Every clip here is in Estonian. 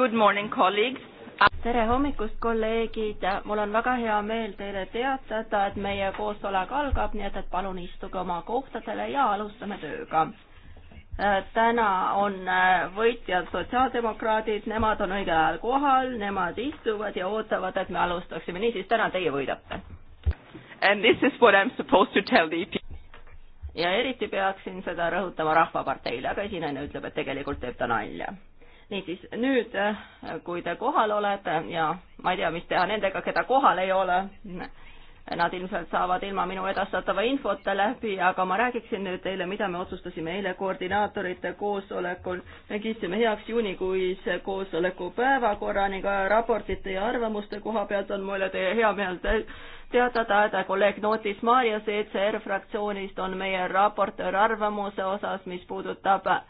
Good morning, colleagues. tere hommikust, kolleegid, mul on väga hea meel teile teatada, et meie koosolek algab, nii et, et palun istuge oma kohtadele ja alustame tööga. täna on äh, võitjad sotsiaaldemokraadid, nemad on õigel ajal kohal, nemad istuvad ja ootavad, et me alustaksime, niisiis täna teie võidate. And this is what I am supposed to tell the EP ja eriti peaksin seda rõhutama Rahvaparteile, aga esinaine ütleb, et tegelikult teeb ta nalja niisiis, nüüd, äh, kui te kohal olete ja ma ei tea, mis teha nendega, keda kohal ei ole, nad ilmselt saavad ilma minu edastatava infota läbi, aga ma räägiksin nüüd teile, mida me otsustasime eile koordinaatorite koosolekul. me kiitsime heaks juunikuise koosoleku päevakorra ning raportite ja arvamuste koha pealt on mulle teie hea meel teatada, et kolleeg Nootis Maarjas ECR fraktsioonist on meie raportöör arvamuse osas, mis puudutab äh,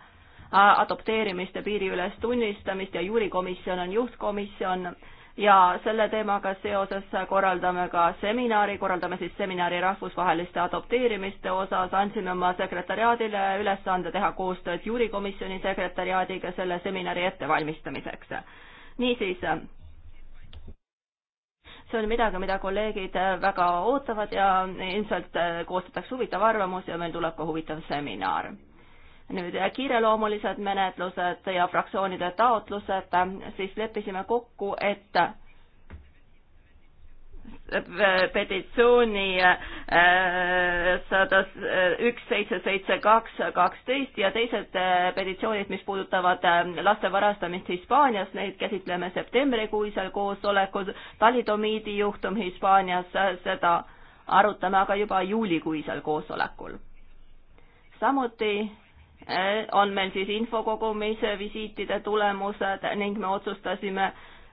adopteerimist ja piiriülest tunnistamist ja juurikomisjon on juhtkomisjon ja selle teemaga seoses korraldame ka seminari, korraldame siis seminari rahvusvaheliste adopteerimiste osas, andsime oma sekretäriaadile ülesande teha koostööd juurikomisjoni sekretäriaadiga selle seminari ettevalmistamiseks. niisiis, see on midagi, mida kolleegid väga ootavad ja ilmselt koostatakse huvitav arvamus ja meil tuleb ka huvitav seminar nüüd kiireloomulised menetlused ja fraktsioonide taotlused, siis leppisime kokku, et petitsiooni äh, sada äh, üks, seitse, seitse, kaks, kaksteist ja teised äh, petitsioonid, mis puudutavad laste varastamist Hispaanias, neid käsitleme septembrikuisel koosolekul. talidomiidi juhtum Hispaanias, seda arutame aga juba juulikuisel koosolekul. samuti on meil siis infokogumise visiitide tulemused ning me otsustasime,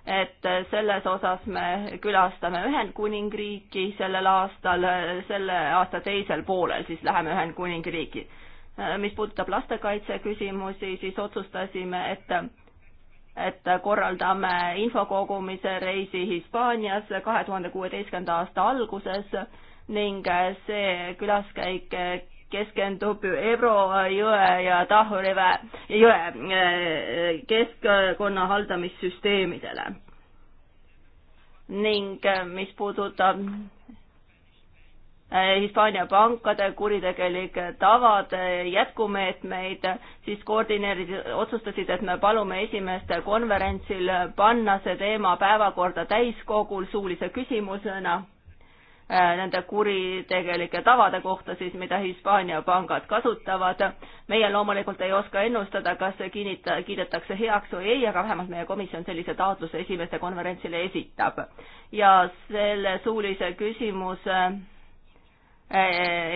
et selles osas me külastame Ühendkuningriiki sellel aastal, selle aasta teisel poolel siis läheme Ühendkuningriiki. mis puudutab lastekaitse küsimusi, siis otsustasime, et et korraldame infokogumise reisi Hispaaniasse kahe tuhande kuueteistkümnenda aasta alguses ning see külaskäik keskendub Ebro jõe ja Tahurive jõe äh, keskkonna haldamissüsteemidele. ning äh, mis puudutab äh, Hispaania pankade kuritegelike tavade jätkumeetmeid, siis koordineerid, otsustasid, et me palume esimeste konverentsil panna see teema päevakorda täiskogul suulise küsimusena Äh, nende kuritegelike tavade kohta siis, mida Hispaania pangad kasutavad. meie loomulikult ei oska ennustada, kas see kinnita-, kiidetakse heaks või ei, aga vähemalt meie komisjon sellise taotluse esimeste konverentsile esitab. ja selle suulise küsimuse äh,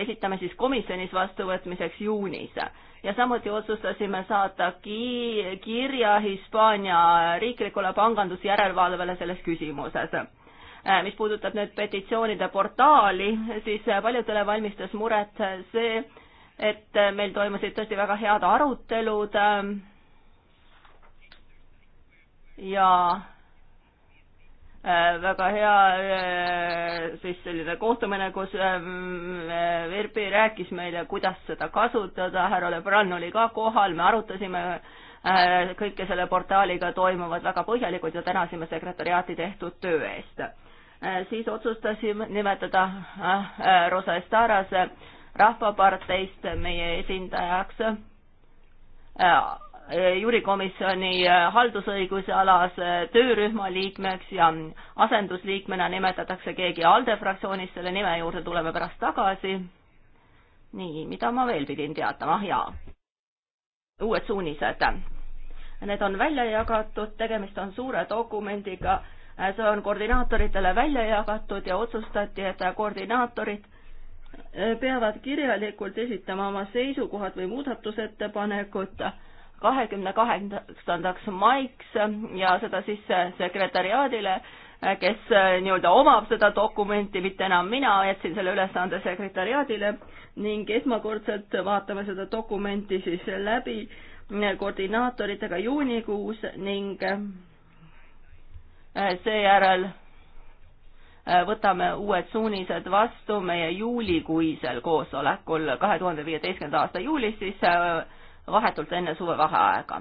esitame siis komisjonis vastuvõtmiseks juunis ja samuti otsustasime saata ki-, kirja Hispaania riiklikule pangandusjärelevalvele selles küsimuses Äh, mis puudutab nüüd petitsioonide portaali, siis äh, paljudele valmistas muret äh, see, et meil toimusid tõesti väga head arutelud ähm, ja väga hea siis selline kohtumine, kus ähm, VRP rääkis meile, kuidas seda kasutada, härra Lebran oli ka kohal, me arutasime kõike selle portaaliga toimuvat väga põhjalikult ja tänasime sekretäriaati tehtud töö eest Äh, siis otsustasime nimetada äh, äh, Rosa Estarase rahvaparteist meie esindajaks juurikomisjoni haldusõiguse alas töörühma liikmeks ja mm, asendusliikmena nimetatakse keegi ALDE fraktsioonist, selle nime juurde tuleme pärast tagasi. nii, mida ma veel pidin teatama, jaa. uued suunised. Need on välja jagatud, tegemist on suure dokumendiga see on koordinaatoritele välja jagatud ja otsustati, et koordinaatorid äh, peavad kirjalikult esitama oma seisukohad või muudatusettepanekud kahekümne kaheksandaks maiks ja seda siis sekretäriaadile, kes äh, nii-öelda omab seda dokumenti, mitte enam mina, jätsin selle ülesande sekretäriaadile ning esmakordselt vaatame seda dokumenti siis läbi koordinaatoritega juunikuus ning äh, Äh, seejärel äh, võtame uued suunised vastu meie juulikuisel koosolekul, kahe tuhande viieteistkümnenda aasta juulis siis äh, vahetult enne suvevaheaega.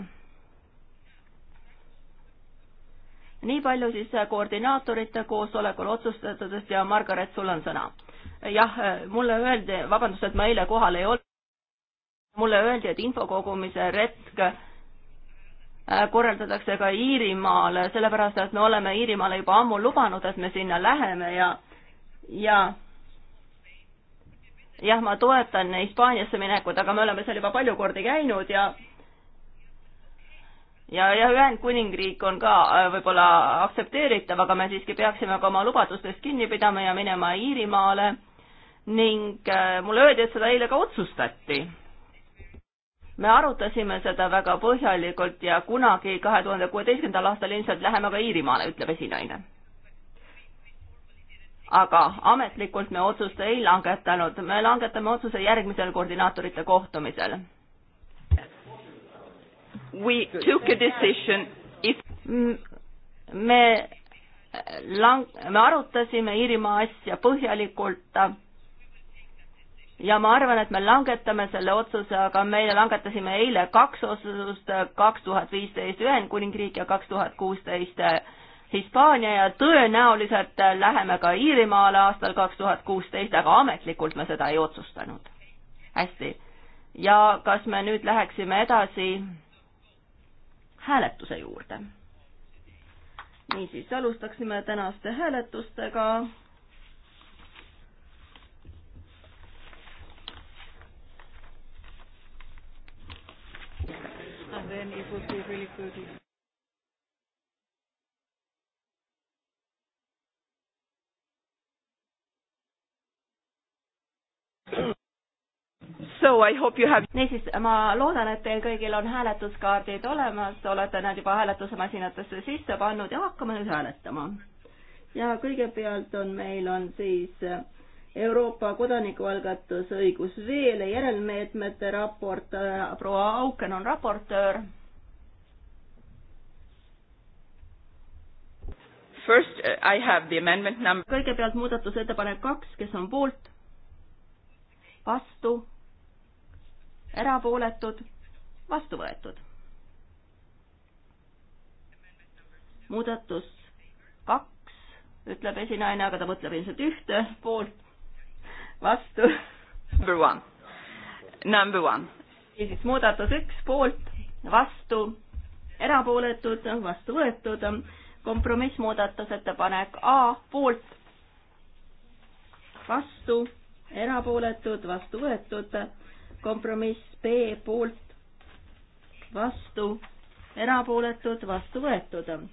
nii palju siis koordinaatorite koosolekul otsustatudest ja Margaret, sul on sõna. jah, mulle öeldi, vabandust, et ma eile kohal ei olnud, mulle öeldi, et infokogumise retk Äh, korraldatakse ka Iirimaal, sellepärast et me oleme Iirimaale juba ammu lubanud, et me sinna läheme ja, ja jah, ma toetan Hispaaniasse minekut, aga me oleme seal juba palju kordi käinud ja ja, ja Ühendkuningriik on ka äh, võib-olla aktsepteeritav, aga me siiski peaksime ka oma lubadustest kinni pidama ja minema Iirimaale ning äh, mulle öeldi, et seda eile ka otsustati me arutasime seda väga põhjalikult ja kunagi kahe tuhande kuueteistkümnendal aastal ilmselt läheme ka Iirimaale, ütleb esinaine. aga ametlikult me otsust ei langetanud, me langetame otsuse järgmisel koordinaatorite kohtumisel. We took a decision if me lang-, me arutasime Iirimaa asja põhjalikult ja ma arvan, et me langetame selle otsuse, aga meie langetasime eile kaks otsust, kaks tuhat viisteist Ühendkuningriik ja kaks tuhat kuusteist Hispaania ja tõenäoliselt läheme ka Iirimaale aastal kaks tuhat kuusteist, aga ametlikult me seda ei otsustanud. hästi. ja kas me nüüd läheksime edasi hääletuse juurde? niisiis, alustaksime tänaste hääletustega and then it would be really good if So I hope you have niisiis, ma loodan, et teil kõigil on hääletuskaardid olemas, olete nad juba hääletusmasinatesse sisse pannud ja hakkame nüüd hääletama. ja kõigepealt on, meil on siis äh, Euroopa kodanikualgatusõigus veel, järelmeetmete raport, äh, proua Auken on raportöör. First uh, I have the amendment number. kõigepealt muudatusettepanek kaks, kes on poolt? vastu? erapooletud? vastu võetud? muudatus kaks, ütleb esinaine, aga ta mõtleb ilmselt ühte poolt vastu. Number one, number one. niisiis, muudatus üks poolt, vastu, erapooletud, vastu võetud, kompromissmuudatusettepanek A poolt, vastu, erapooletud, vastu võetud, kompromiss B poolt, vastu, erapooletud, vastu võetud.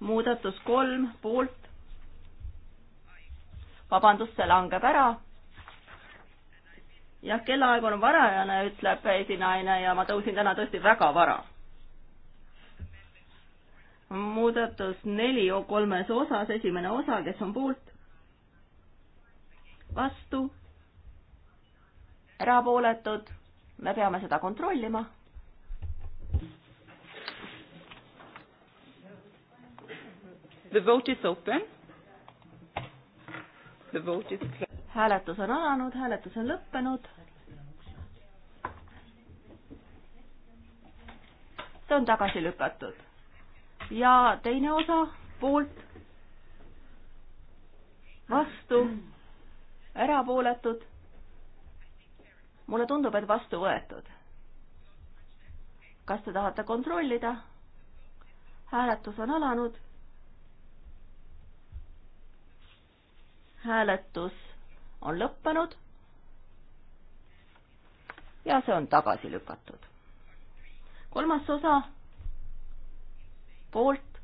muudatus kolm poolt, vabandust, see langeb ära. jah, kellaaeg on varajane, ütleb esinaine ja ma tõusin täna tõesti väga vara. muudatus neli kolmes osas, esimene osa, kes on poolt? vastu? erapooletud? me peame seda kontrollima The vote is open hääletus on alanud, hääletus on lõppenud. see on tagasi lükatud. ja teine osa poolt, vastu, erapooletud. mulle tundub, et vastu võetud. kas te tahate kontrollida? hääletus on alanud hääletus on lõppenud. ja see on tagasi lükatud. kolmas osa poolt,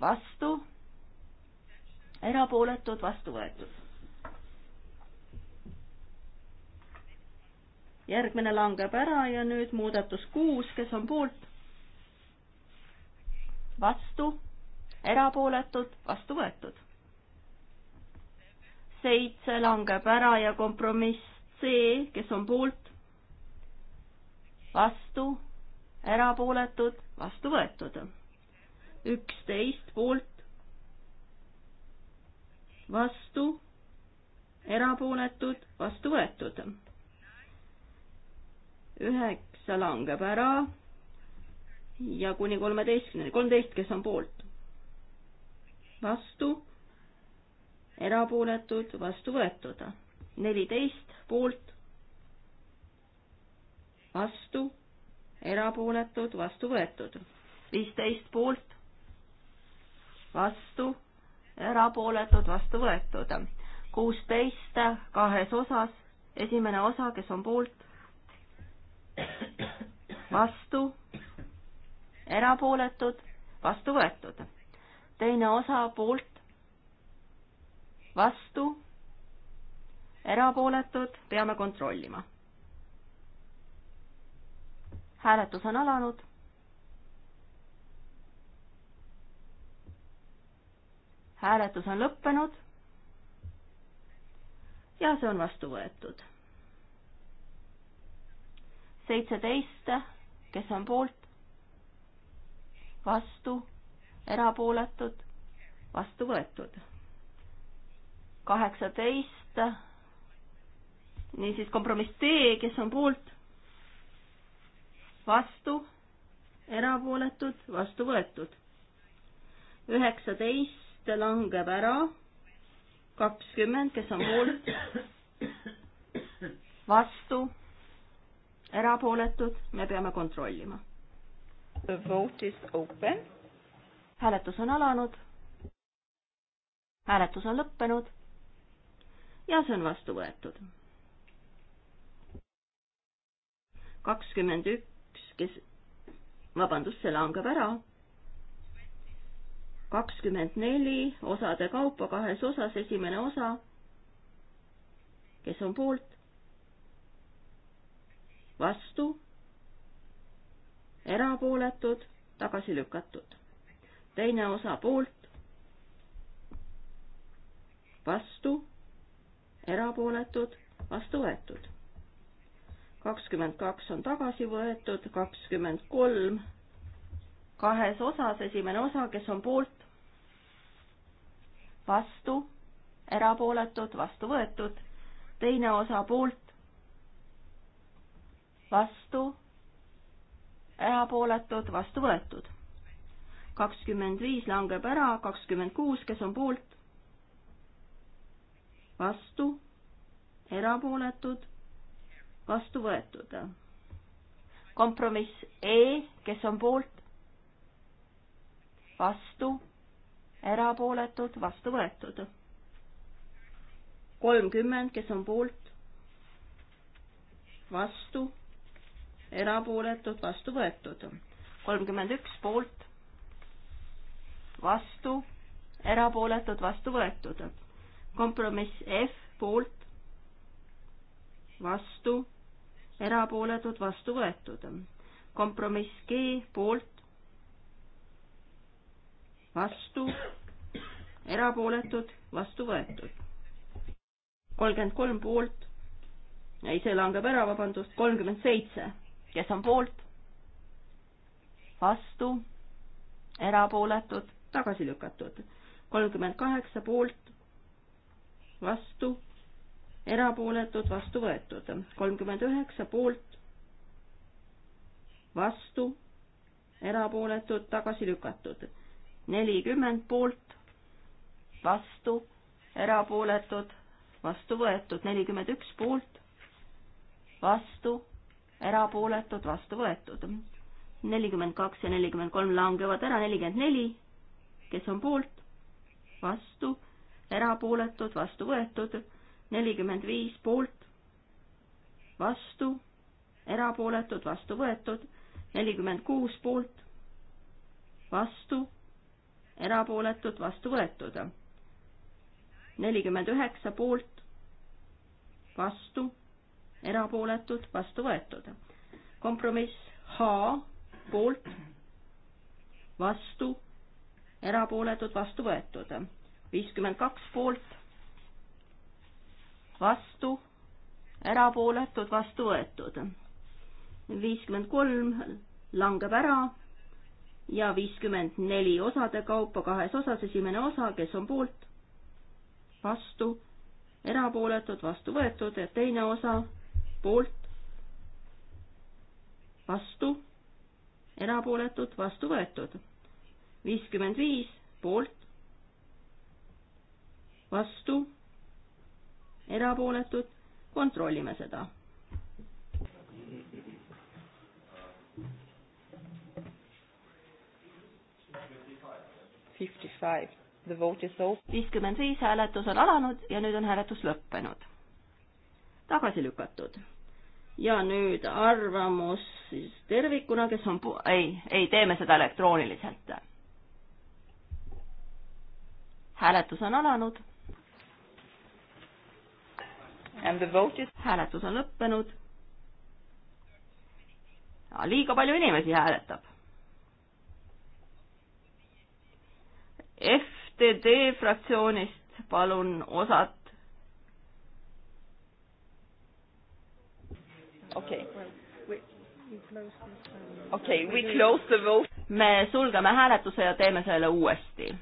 vastu, erapooletud, vastu võetud. järgmine langeb ära ja nüüd muudatus kuus, kes on poolt, vastu erapooletud, vastu võetud. seitse langeb ära ja kompromiss C, kes on poolt, vastu, erapooletud, vastu võetud. üksteist poolt, vastu, erapooletud, vastu võetud. üheksa langeb ära ja kuni kolmeteistkümneni, kolmteist, kes on poolt vastu, erapooletud, vastu võetud. neliteist poolt, vastu, erapooletud, vastu võetud. viisteist poolt, vastu, erapooletud, vastu võetud. kuusteist kahes osas, esimene osa, kes on poolt, vastu, erapooletud, vastu võetud teine osa poolt, vastu, erapooletud, peame kontrollima. hääletus on alanud. hääletus on lõppenud. ja see on vastu võetud. seitseteist, kes on poolt, vastu erapooletud, vastu võetud. kaheksateist, niisiis kompromiss D, kes on poolt, vastu, erapooletud, vastu võetud. üheksateist langeb ära, kakskümmend, kes on poolt, vastu, erapooletud, me peame kontrollima. The vote is open hääletus on alanud, hääletus on lõppenud ja see on vastu võetud. kakskümmend üks, kes, vabandust, see langeb ära. kakskümmend neli osade kaupa kahes osas, esimene osa, kes on poolt, vastu, erapooletud, tagasi lükatud teine osa poolt, vastu, erapooletud, vastu võetud. kakskümmend kaks on tagasi võetud, kakskümmend kolm kahes osas, esimene osa, kes on poolt, vastu, erapooletud, vastu võetud, teine osa poolt, vastu, erapooletud, vastu võetud kakskümmend viis langeb ära, kakskümmend kuus, kes on poolt, vastu, erapooletud, vastu võetud. kompromiss E, kes on poolt, vastu, erapooletud, vastu võetud. kolmkümmend, kes on poolt, vastu, erapooletud, vastu võetud. kolmkümmend üks poolt vastu, erapooletud, vastu võetud. kompromiss F poolt, vastu, erapooletud, vastu võetud. kompromiss G poolt, vastu, erapooletud, vastu võetud. kolmkümmend kolm poolt, ei, see langeb ära, vabandust, kolmkümmend seitse, kes on poolt, vastu, erapooletud tagasi lükatud. kolmkümmend kaheksa poolt, vastu, erapooletud, vastu võetud. kolmkümmend üheksa poolt, vastu, erapooletud, tagasi lükatud. nelikümmend poolt, vastu, erapooletud, vastu võetud. nelikümmend üks poolt, vastu, erapooletud, vastu võetud nelikümmend kaks ja nelikümmend kolm langevad ära, nelikümmend neli kes on poolt, vastu, erapooletud, vastu võetud, nelikümmend viis poolt, vastu, erapooletud, vastu võetud, nelikümmend kuus poolt, vastu, erapooletud, vastu võetud, nelikümmend üheksa poolt, vastu, erapooletud, vastu võetud. kompromiss H poolt, vastu erapooletud, vastu võetud. viiskümmend kaks poolt, vastu, erapooletud, vastu võetud. viiskümmend kolm langeb ära ja viiskümmend neli osade kaupa kahes osas, esimene osa, kes on poolt, vastu, erapooletud, vastu võetud ja teine osa poolt, vastu, erapooletud, vastu võetud viiskümmend viis poolt, vastu, erapooletud, kontrollime seda. viiskümmend viis hääletus on alanud ja nüüd on hääletus lõppenud. tagasi lükatud ja nüüd arvamus siis tervikuna, kes on, ei, ei, teeme seda elektrooniliselt hääletus on alanud. Is... hääletus on lõppenud. Ah, liiga palju inimesi hääletab. FTD fraktsioonist palun osad okei okay.. okei okay,, we close the vote. me sulgeme hääletuse ja teeme selle uuesti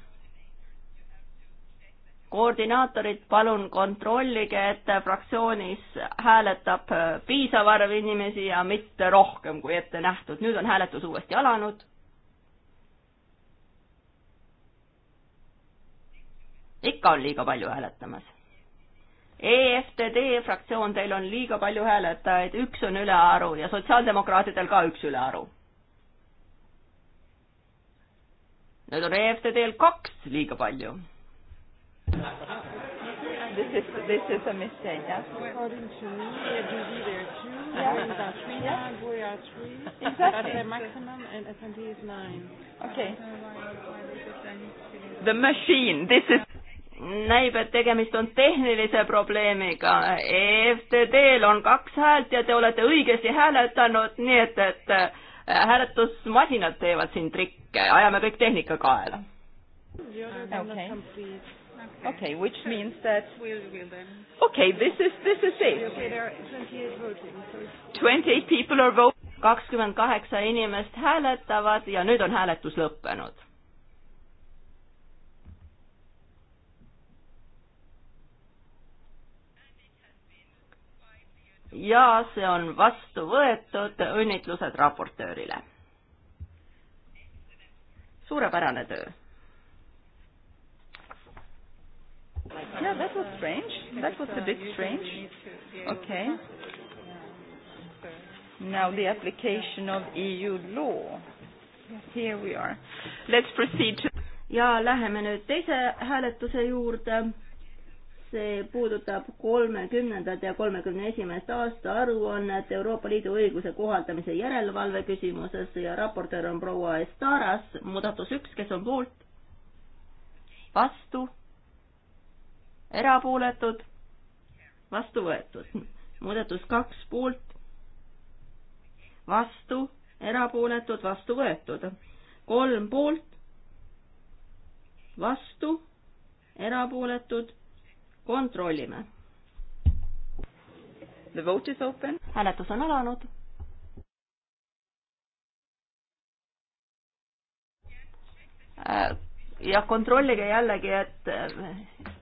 koordinaatorid, palun kontrollige, et fraktsioonis hääletab piisav arv inimesi ja mitte rohkem kui ette nähtud. nüüd on hääletus uuesti alanud. ikka on liiga palju hääletamas. EFTD fraktsioon, teil on liiga palju hääletajaid, üks on ülearu ja sotsiaaldemokraatidel ka üks ülearu. nüüd on EFTD-l kaks liiga palju this is this is a mistake. That's According to me, Judy, there are two, yeah. and are three, yeah. and we are three. Exactly. That's the maximum, and S&P is nine. Okay. The machine. This is. näib, et tegemist on tehnilise probleemiga. EFTD-l on kaks häält ja te olete õigesti hääletanud, nii et, et äh, hääletusmasinad teevad siin trikke, ajame kõik tehnika kaela. Okay. Okay, which means that. We'll, we'll then. Okay, this is this is it. Okay, there are 28 voting. So 28 people are voting. kakskümmend kaheksa inimest hääletavad ja nüüd on hääletus lõppenud. ja see on vastu võetud, õnnitlused raportöörile. suurepärane töö Yeah, that was strange. That was a bit strange. Okay. Now the application of EU law. Here we are. Let's proceed to ja läheme nüüd teise hääletuse juurde. see puudutab kolmekümnendat ja kolmekümne esimest aasta aruannet Euroopa Liidu õiguse kohaldamise järelevalve küsimuses ja raportöör on proua Estaras, muudatus üks, kes on poolt? vastu erapooletud, vastu võetud. muudatus kaks poolt, vastu, erapooletud, vastu võetud. kolm poolt, vastu, erapooletud, kontrollime. The vote is open. hääletus on alanud. Uh, ja kontrollige jällegi, et eh,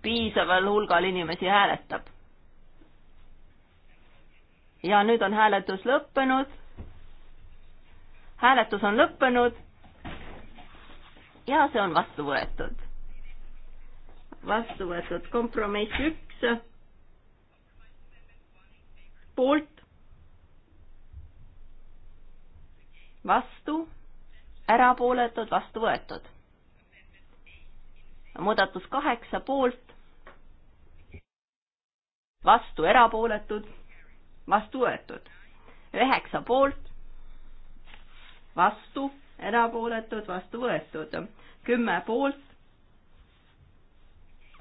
piisaval hulgal inimesi hääletab. ja nüüd on hääletus lõppenud. hääletus on lõppenud. ja see on vastu võetud. vastu võetud kompromiss üks. poolt. vastu. erapooletud, vastu võetud muudatus kaheksa poolt, vastu erapooletud, vastu võetud. üheksa poolt, vastu erapooletud, vastu võetud. kümme poolt,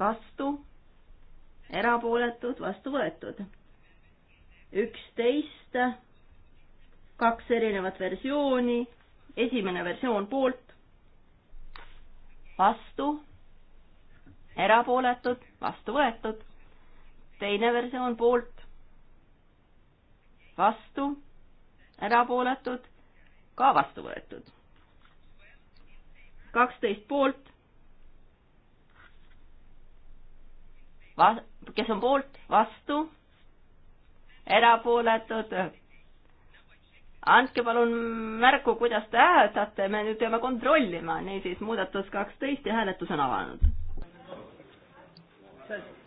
vastu erapooletud, vastu võetud. üksteist, kaks erinevat versiooni, esimene versioon poolt, vastu, erapooletud, vastu võetud. teine versioon poolt, vastu, erapooletud, ka vastu võetud. kaksteist poolt. Va-, kes on poolt, vastu, erapooletud, andke palun märku, kuidas te hääletate, me nüüd peame kontrollima, niisiis muudatus kaksteist ja hääletus on avanud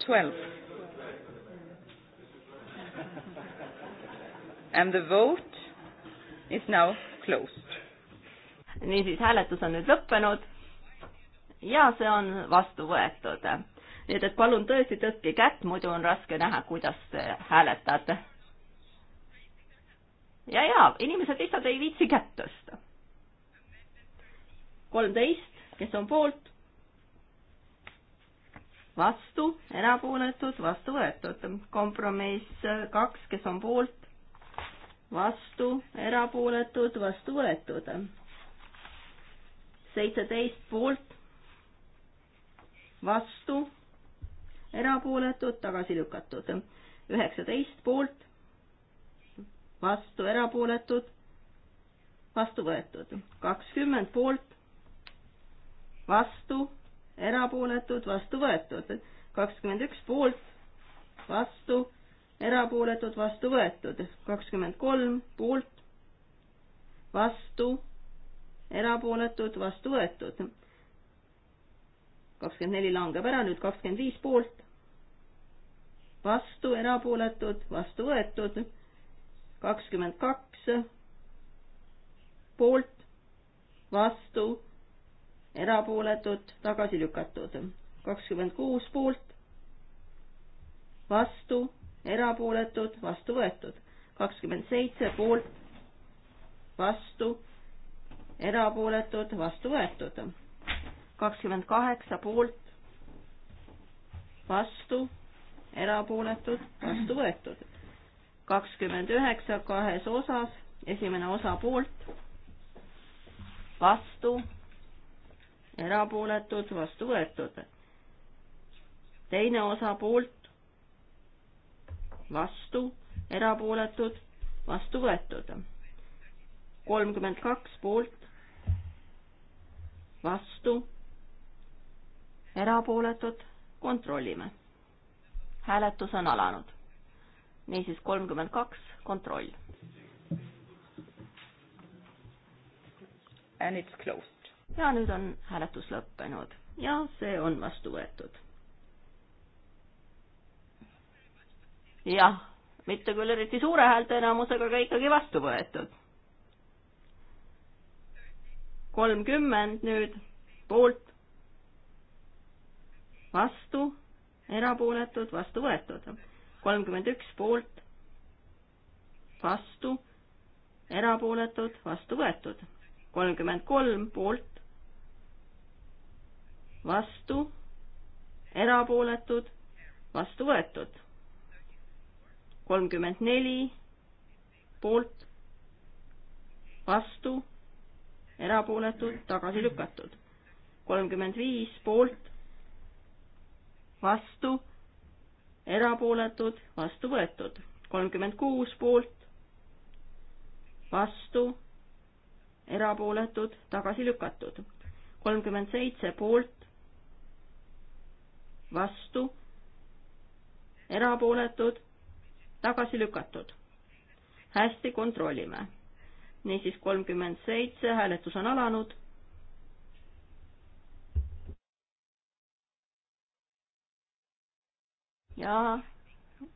12. And the vote is now closed. niisiis, hääletus on nüüd lõppenud ja see on vastu võetud. nii et, et palun tõesti tõstke kätt, muidu on raske näha, kuidas hääletate. ja, ja inimesed lihtsalt ei viitsi kätt tõsta. kolmteist, kes on poolt, vastu, erapooletud, vastu võetud. kompromiss kaks, kes on poolt, vastu, erapooletud, vastu võetud. seitseteist poolt, vastu, erapooletud, tagasi lükatud. üheksateist poolt, vastu, erapooletud, vastu võetud. kakskümmend poolt, vastu erapooletud, vastu võetud. kakskümmend üks poolt, vastu, erapooletud, vastu võetud. kakskümmend kolm poolt, vastu, erapooletud, vastu võetud. kakskümmend neli langeb ära, nüüd kakskümmend viis poolt, vastu, erapooletud, vastu võetud. kakskümmend kaks poolt, vastu erapooletud, tagasi lükatud. kakskümmend kuus poolt, vastu, erapooletud, vastu võetud. kakskümmend seitse poolt, vastu, erapooletud, vastu võetud. kakskümmend kaheksa poolt, vastu, erapooletud, vastu võetud. kakskümmend üheksa kahes osas, esimene osa poolt, vastu erapooletud, vastu võetud. teine osa poolt, vastu, erapooletud, vastu võetud. kolmkümmend kaks poolt, vastu, erapooletud, kontrollime. hääletus on alanud. niisiis kolmkümmend kaks, kontroll. And it's closed ja nüüd on hääletus lõppenud ja see on vastu võetud. jah, mitte küll eriti suure häälteenamusega, aga ikkagi vastu võetud. kolmkümmend nüüd poolt, vastu, erapooletud, vastu võetud. kolmkümmend üks poolt, vastu, erapooletud, vastu võetud. kolmkümmend kolm poolt, vastu, erapooletud, vastu võetud. kolmkümmend neli poolt, vastu, erapooletud, tagasi lükatud. kolmkümmend viis poolt, vastu, erapooletud, vastu võetud. kolmkümmend kuus poolt, vastu, erapooletud, tagasi lükatud. kolmkümmend seitse poolt, vastu, erapooletud, tagasi lükatud. hästi, kontrollime. niisiis kolmkümmend seitse, hääletus on alanud. ja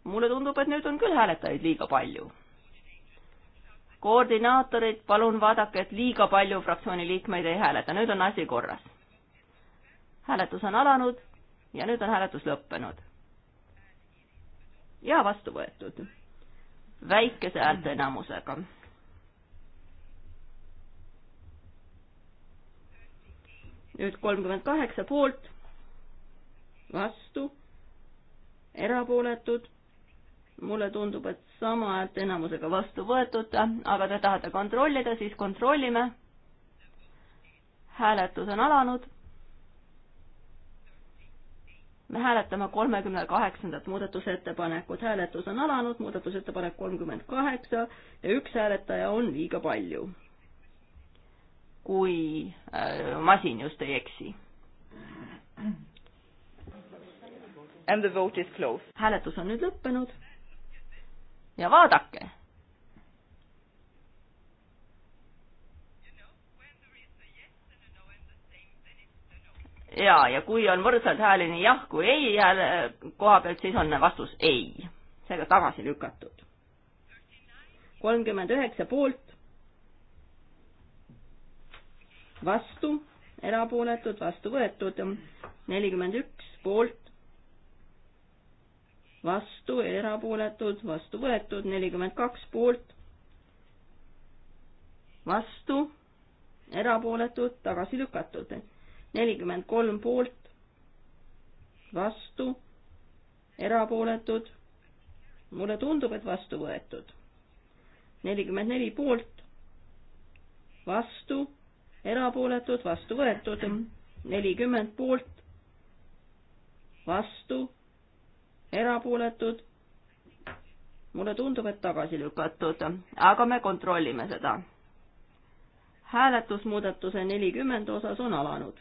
mulle tundub, et nüüd on küll hääletajaid liiga palju koordinaatorid, palun vaadake, et liiga palju fraktsiooni liikmeid ei hääleta, nüüd on asi korras. hääletus on alanud ja nüüd on hääletus lõppenud. ja vastu võetud. väikese häälteenamusega. nüüd kolmkümmend kaheksa poolt, vastu, erapooletud. mulle tundub, et sama häälteenamusega vastu võetud, aga te tahate kontrollida, siis kontrollime. hääletus on alanud me hääletame kolmekümne kaheksandat muudatusettepanekut, hääletus on alanud, muudatusettepanek kolmkümmend kaheksa ja üks hääletaja on liiga palju. kui äh, masin just ei eksi. And the vote is closed. hääletus on nüüd lõppenud. ja vaadake ja, ja kui on võrdselt hääli nii jah kui ei hääle koha pealt, siis on vastus ei. seega tagasi lükatud. kolmkümmend üheksa poolt, vastu, erapooletud, vastu võetud, nelikümmend üks poolt, vastu, erapooletud, vastu võetud, nelikümmend kaks poolt, vastu, erapooletud, tagasi lükatud nelikümmend kolm poolt, vastu, erapooletud. mulle tundub, et vastu võetud. nelikümmend neli poolt, vastu, erapooletud, vastu võetud. nelikümmend poolt, vastu, erapooletud. mulle tundub, et tagasi lükatud, aga me kontrollime seda hääletus muudatuse nelikümmend osas on alanud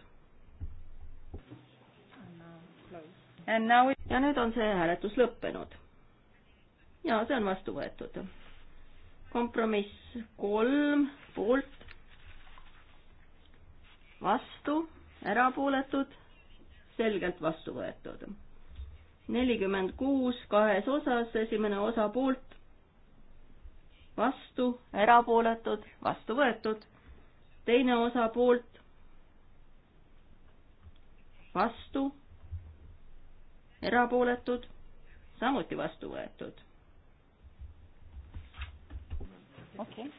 ja nüüd on see hääletus lõppenud. ja see on vastu võetud. kompromiss kolm poolt, vastu, erapooletud, selgelt vastu võetud. nelikümmend kuus kahes osas, esimene osa poolt, vastu, erapooletud, vastu võetud, teine osa poolt, vastu erapooletud, samuti vastu võetud. okei okay..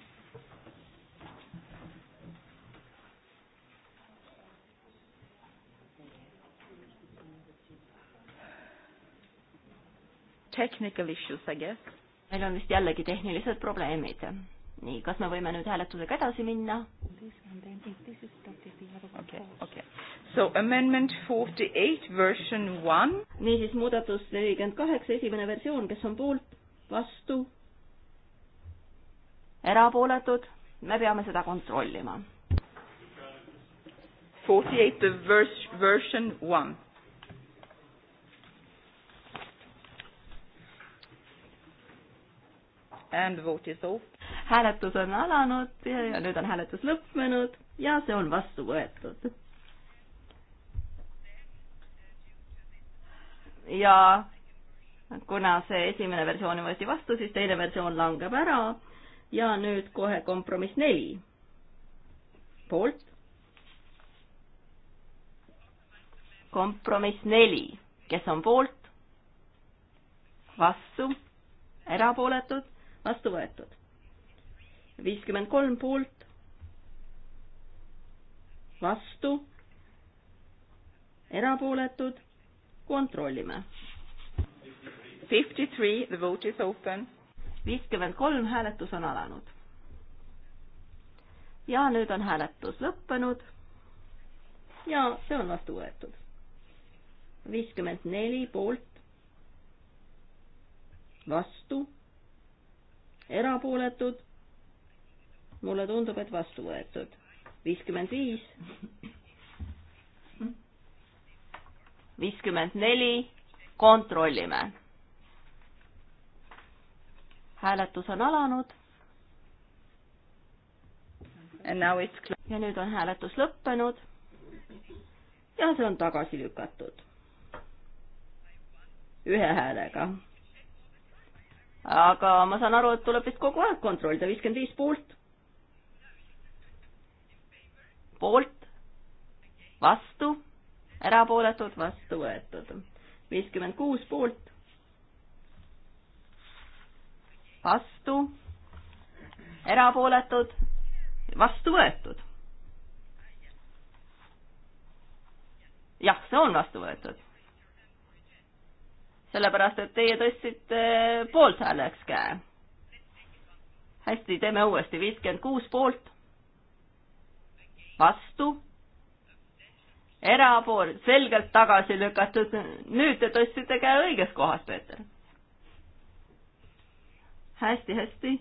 Technical issues, I guess. meil on vist jällegi tehnilised probleemid nii, kas me võime nüüd hääletusega edasi minna? okei, okei. So amendment 48 version 1. niisiis muudatus nelikümmend kaheksa, esimene versioon, kes on poolt, vastu, erapooletud, me peame seda kontrollima. 48 the vers-, version 1. And vote is open. hääletus on alanud ja, ja nüüd on hääletus lõppenud ja see on vastu võetud ja kuna see esimene versioon võeti vastu, siis teine versioon langeb ära ja nüüd kohe kompromiss neli. poolt. kompromiss neli, kes on poolt? vastu, erapooletud, vastu võetud. viiskümmend kolm poolt, vastu, erapooletud, kontrollime. viiskümmend kolm hääletus on alanud. ja nüüd on hääletus lõppenud. ja see on vastu võetud. viiskümmend neli poolt, vastu, erapooletud. mulle tundub, et vastu võetud. viiskümmend viis viiskümmend neli, kontrollime. hääletus on alanud. ja nüüd on hääletus lõppenud. ja see on tagasi lükatud. ühe häälega. aga ma saan aru, et tuleb vist kogu aeg kontrollida, viiskümmend viis poolt. poolt, vastu erapooletud, vastu võetud. viiskümmend kuus poolt, vastu, erapooletud, vastu võetud. jah, see on vastu võetud. sellepärast, et teie tõstsite poolthääleks käe. hästi, teeme uuesti, viiskümmend kuus poolt, vastu erapool selgelt tagasi lükatud. nüüd te tõstsite käe õiges kohas, Peeter hästi,. hästi-hästi.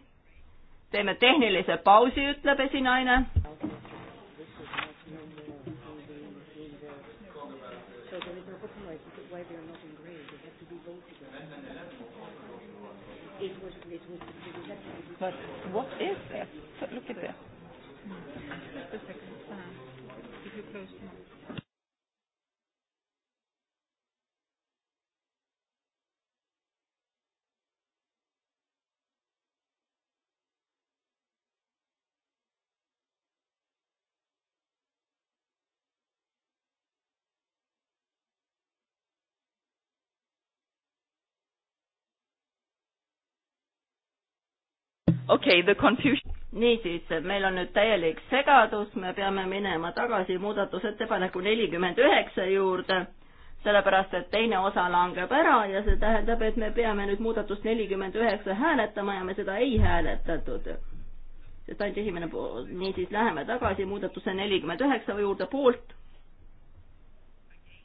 teeme tehnilise pausi, ütleb esinaine. But what is there? Look at there. Just a second. Uh, if you close the okei okay,, the confusion. niisiis, meil on nüüd täielik segadus, me peame minema tagasi muudatusettepaneku nelikümmend üheksa juurde, sellepärast et teine osa langeb ära ja see tähendab, et me peame nüüd muudatust nelikümmend üheksa hääletama ja me seda ei hääletatud. sest ainult esimene pool, niisiis läheme tagasi muudatuse nelikümmend üheksa juurde, poolt,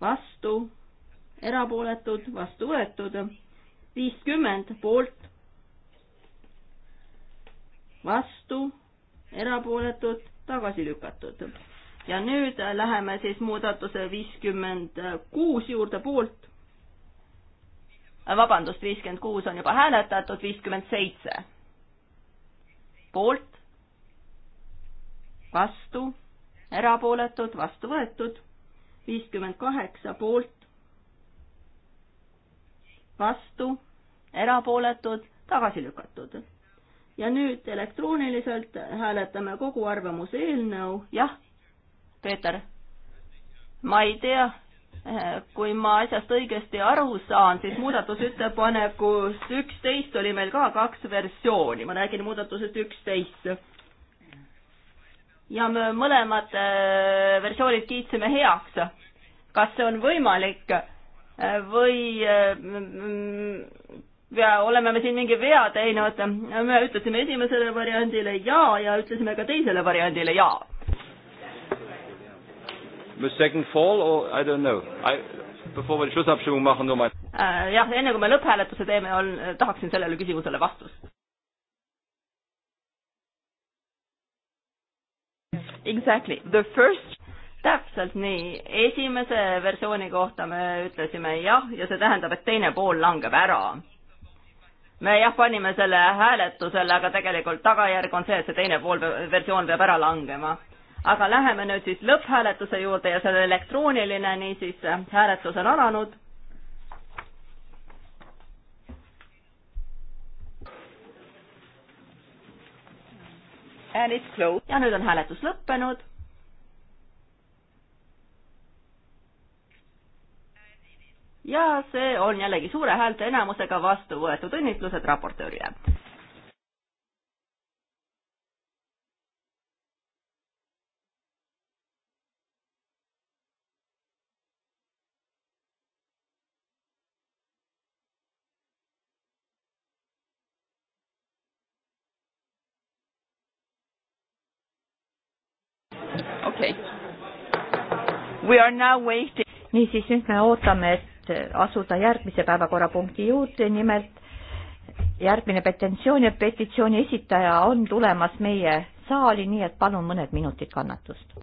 vastu, erapooletud, vastu võetud, viiskümmend poolt vastu, erapooletud, tagasi lükatud. ja nüüd läheme siis muudatuse viiskümmend kuus juurde poolt. Äh, vabandust, viiskümmend kuus on juba hääletatud, viiskümmend seitse poolt, vastu, erapooletud, vastu võetud, viiskümmend kaheksa poolt, vastu, erapooletud, tagasi lükatud ja nüüd elektrooniliselt hääletame kogu arvamuse eelnõu, jah, Peeter? ma ei tea, eh, kui ma asjast õigesti aru saan, siis muudatusettepanekust üksteist oli meil ka kaks versiooni, ma räägin muudatusest üksteist. ja me mõlemad eh, versioonid kiitsime heaks. kas see on võimalik eh, või ja oleme me siin mingi vea teinud, me ütlesime esimesele variandile ja ja ütlesime ka teisele variandile ja. Äh, jah, enne kui me lõpphääletuse teeme, on, äh, tahaksin sellele küsimusele vastust. Exactly, the first täpselt nii, esimese versiooni kohta me ütlesime jah, ja see tähendab, et teine pool langeb ära me jah, panime selle hääletusele, aga tegelikult tagajärg on see, et see teine pool, versioon peab ära langema. aga läheme nüüd siis lõpphääletuse juurde ja see on elektrooniline, niisiis äh, hääletus on alanud. ja nüüd on hääletus lõppenud ja see on jällegi suure häälteenamusega vastu võetud. õnnitlused raportöörile. okei okay.. We are now waiting. niisiis, nüüd me ootame, et nüüd asuda järgmise päevakorrapunkti juurde, nimelt järgmine petentsioon ja petitsiooni esitaja on tulemas meie saali, nii et palun mõned minutid kannatust.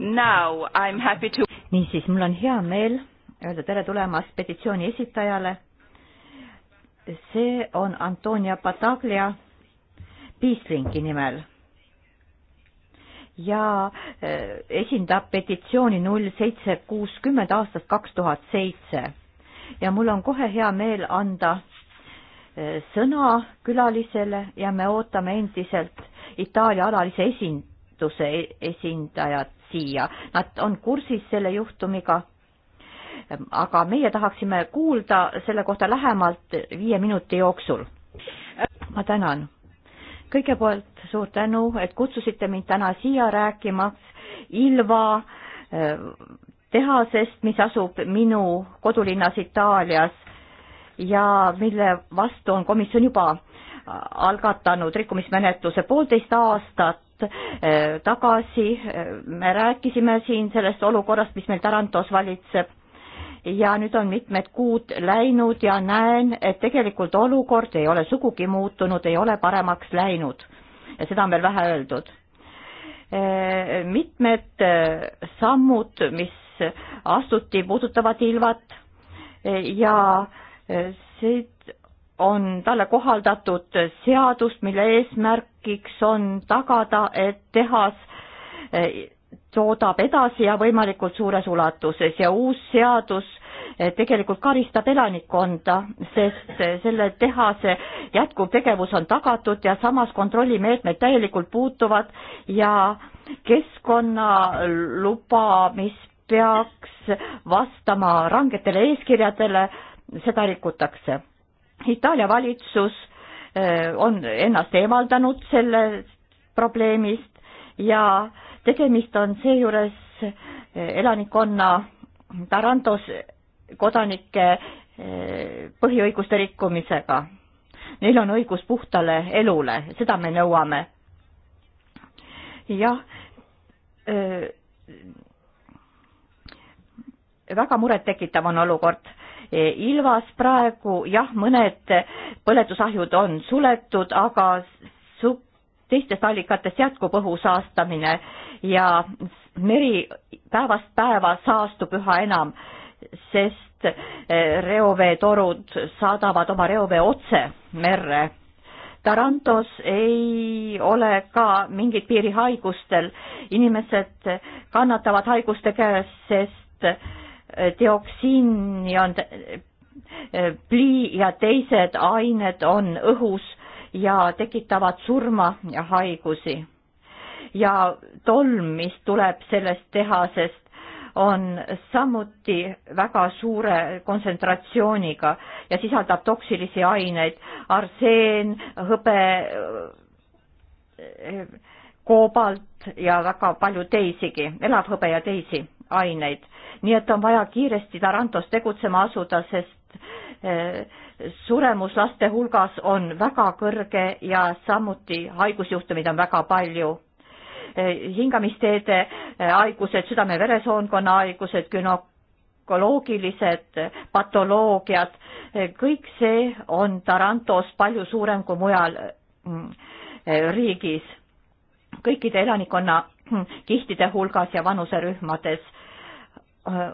Now I am happy to niisiis, mul on hea meel öelda tere tulemast petitsiooni esitajale. see on Antonia Pataglia Piislingi nimel ja eh, esindab petitsiooni null seitse kuuskümmend aastast kaks tuhat seitse. ja mul on kohe hea meel anda eh, sõna külalisele ja me ootame endiselt Itaalia alalise esinduse e-, esindajat siia. Nad on kursis selle juhtumiga, aga meie tahaksime kuulda selle kohta lähemalt viie minuti jooksul. ma tänan kõigepealt suur tänu, et kutsusite mind täna siia rääkima Ilva äh, tehasest, mis asub minu kodulinnas Itaalias ja mille vastu on komisjon juba äh, algatanud rikkumismenetluse poolteist aastat äh, tagasi me rääkisime siin sellest olukorrast, mis meil Tarantos valitseb ja nüüd on mitmed kuud läinud ja näen, et tegelikult olukord ei ole sugugi muutunud, ei ole paremaks läinud. ja seda on veel vähe öeldud. Äh, mitmed äh, sammud, mis astuti, puudutavad Ilvat äh, ja siit on talle kohaldatud seadust, mille eesmärgiks on tagada, et tehas toodab edasi ja võimalikult suures ulatuses ja uus seadus eh, tegelikult karistab elanikkonda, sest eh, selle tehase jätkuv tegevus on tagatud ja samas kontrollimeetmed täielikult puutuvad ja keskkonnaluba, mis peaks vastama rangetele eeskirjadele, seda rikutakse. Itaalia valitsus eh, on ennast eemaldanud sellest probleemist ja äh, tegemist on seejuures eh, elanikkonna Tarantos kodanike eh, põhiõiguste rikkumisega. Neil on õigus puhtale elule, seda me nõuame. jah, eh, väga murettekitav on olukord. Ilvas praegu jah, mõned põletusahjud on suletud, aga su-, teistest allikatest jätkub õhu saastamine ja meri päevast päeva saastub üha enam, sest eh, reoveetorud saadavad oma reovee otse merre. Tarantos ei ole ka mingit piiri haigustel, inimesed kannatavad haiguste käes, sest eh, dioksiini on eh, plii ja teised ained on õhus ja tekitavad surma ja haigusi ja tolm, mis tuleb sellest tehasest, on samuti väga suure kontsentratsiooniga ja sisaldab toksilisi aineid, arseen, hõbe, koobalt ja väga palju teisigi, elavhõbe ja teisi aineid. nii et on vaja kiiresti Tarantos tegutsema asuda, sest eh, suremus laste hulgas on väga kõrge ja samuti haigusjuhtumeid on väga palju E, hingamisteede e, haigused, südame-veresoonkonna haigused, günokoloogilised patoloogiad, e, kõik see on Tarantos palju suurem kui mujal mm, riigis, kõikide elanikkonna kihtide hulgas ja vanuserühmades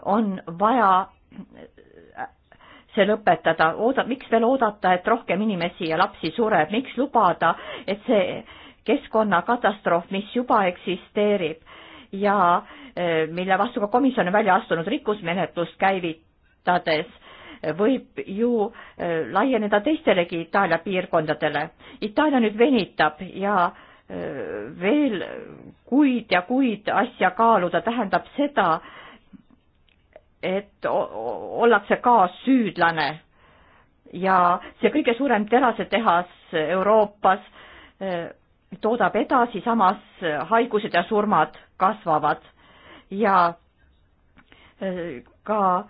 on vaja see lõpetada, ooda-, miks veel oodata, et rohkem inimesi ja lapsi sureb, miks lubada, et see keskkonnakatastroof, mis juba eksisteerib ja eh, mille vastu ka komisjon on välja astunud rikkusmenetlust käivitades, võib ju eh, laieneda teistelegi Itaalia piirkondadele. Itaalia nüüd venitab ja eh, veel kuid ja kuid asja kaaluda tähendab seda, et ollakse kaassüüdlane ja see kõige suurem terasetehas Euroopas toodab edasi, samas haigused ja surmad kasvavad ja äh, ka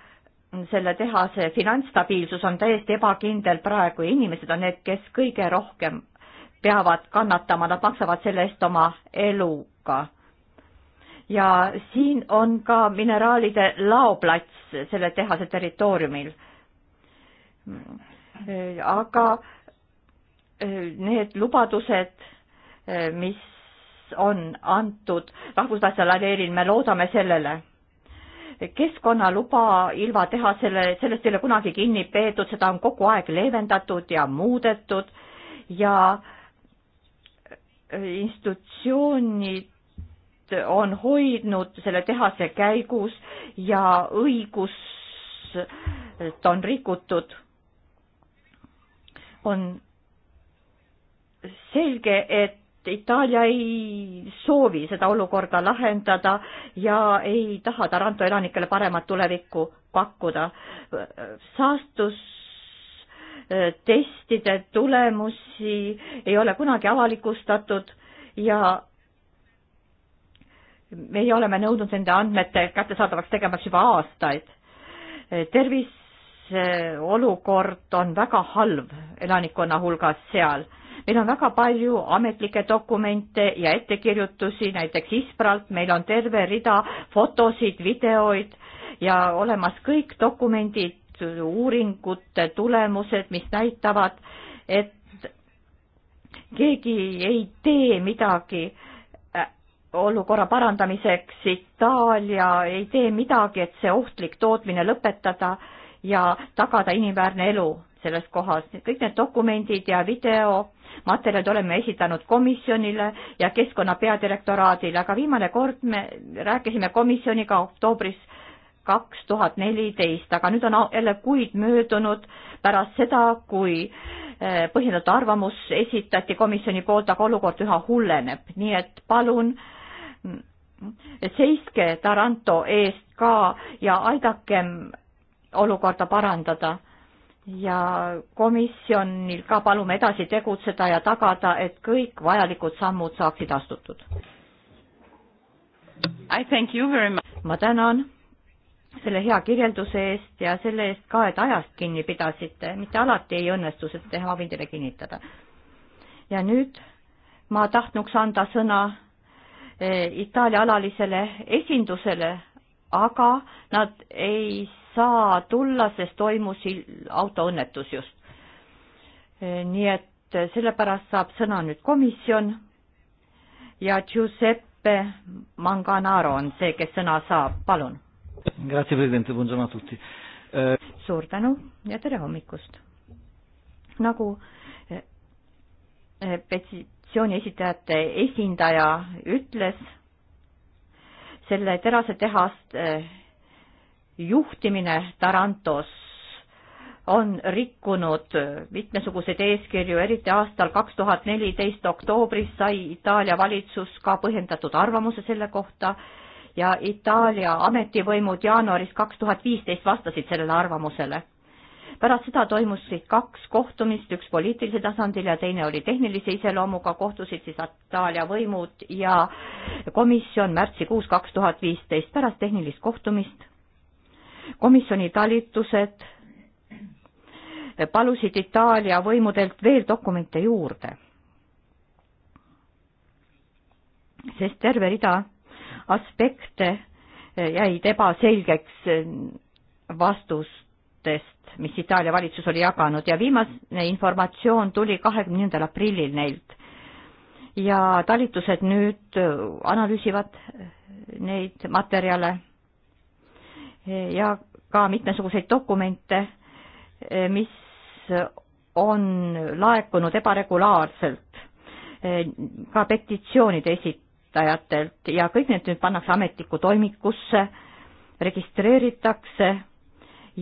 selle tehase finantsstabiilsus on täiesti ebakindel praegu ja inimesed on need, kes kõige rohkem peavad kannatama, nad maksavad selle eest oma eluga. ja siin on ka mineraalide laoplats selle tehase territooriumil. Äh, aga äh, need lubadused Eh, mis on antud rahvusvahelisel areelil, me loodame sellele. keskkonnaluba Ilva tehasele, sellest ei ole kunagi kinni peetud, seda on kogu aeg leevendatud ja muudetud ja eh, institutsioonid on hoidnud selle tehase käigus ja õigust on rikutud. on selge, et Itaalia ei soovi seda olukorda lahendada ja ei taha Taranto elanikele paremat tulevikku pakkuda. saastustestide tulemusi ei ole kunagi avalikustatud ja meie oleme nõudnud nende andmete kättesaadavaks tegemaks juba aastaid. terviseolukord on väga halb elanikkonna hulgas seal meil on väga palju ametlikke dokumente ja ettekirjutusi, näiteks ISPRA-lt, meil on terve rida fotosid, videoid ja olemas kõik dokumendid, uuringute tulemused, mis näitavad, et keegi ei tee midagi äh, olukorra parandamiseks, Itaalia ei tee midagi, et see ohtlik tootmine lõpetada ja tagada inimväärne elu selles kohas. kõik need dokumendid ja videomaterjalid oleme esitanud komisjonile ja keskkonna peadirektoraadile, aga viimane kord me rääkisime komisjoniga oktoobris kaks tuhat neliteist, aga nüüd on jälle kuid möödunud pärast seda, kui eh, põhjendatud arvamus esitati komisjoni poolt, aga olukord üha hulleneb, nii et palun mm, seiske Taranto eest ka ja aidakem olukorda parandada ja komisjonil ka palume edasi tegutseda ja tagada, et kõik vajalikud sammud saaksid astutud. ma tänan selle hea kirjelduse eest ja selle eest ka, et ajast kinni pidasite, mitte alati ei õnnestu seda teha, ma võin teile kinnitada. ja nüüd ma tahtnuks anda sõna eh, Itaalia alalisele esindusele, aga nad ei saa tulla, sest toimus autoõnnetus just. nii et sellepärast saab sõna nüüd komisjon ja Giuseppe Manganaro on see, kes sõna saab, palun. Eh, suur tänu ja tere hommikust. nagu eh, petitsiooni esitajate esindaja ütles, selle terasetehast eh, juhtimine Tarantos on rikkunud mitmesuguseid eeskirju, eriti aastal kaks tuhat neliteist oktoobris sai Itaalia valitsus ka põhjendatud arvamuse selle kohta ja Itaalia ametivõimud jaanuaris kaks tuhat viisteist vastasid sellele arvamusele. pärast seda toimusid kaks kohtumist, üks poliitilisel tasandil ja teine oli tehnilise iseloomuga, kohtusid siis Itaalia võimud ja komisjon märtsikuus kaks tuhat viisteist pärast tehnilist kohtumist komisjoni talitused palusid Itaalia võimudelt veel dokumente juurde. sest terve rida aspekte jäid ebaselgeks vastustest, mis Itaalia valitsus oli jaganud ja viimane informatsioon tuli kahekümnendal aprillil neilt. ja talitused nüüd analüüsivad neid materjale ja ka mitmesuguseid dokumente, mis on laekunud ebaregulaarselt eh, ka petitsioonide esitajatelt ja kõik need nüüd pannakse ametlikku toimikusse, registreeritakse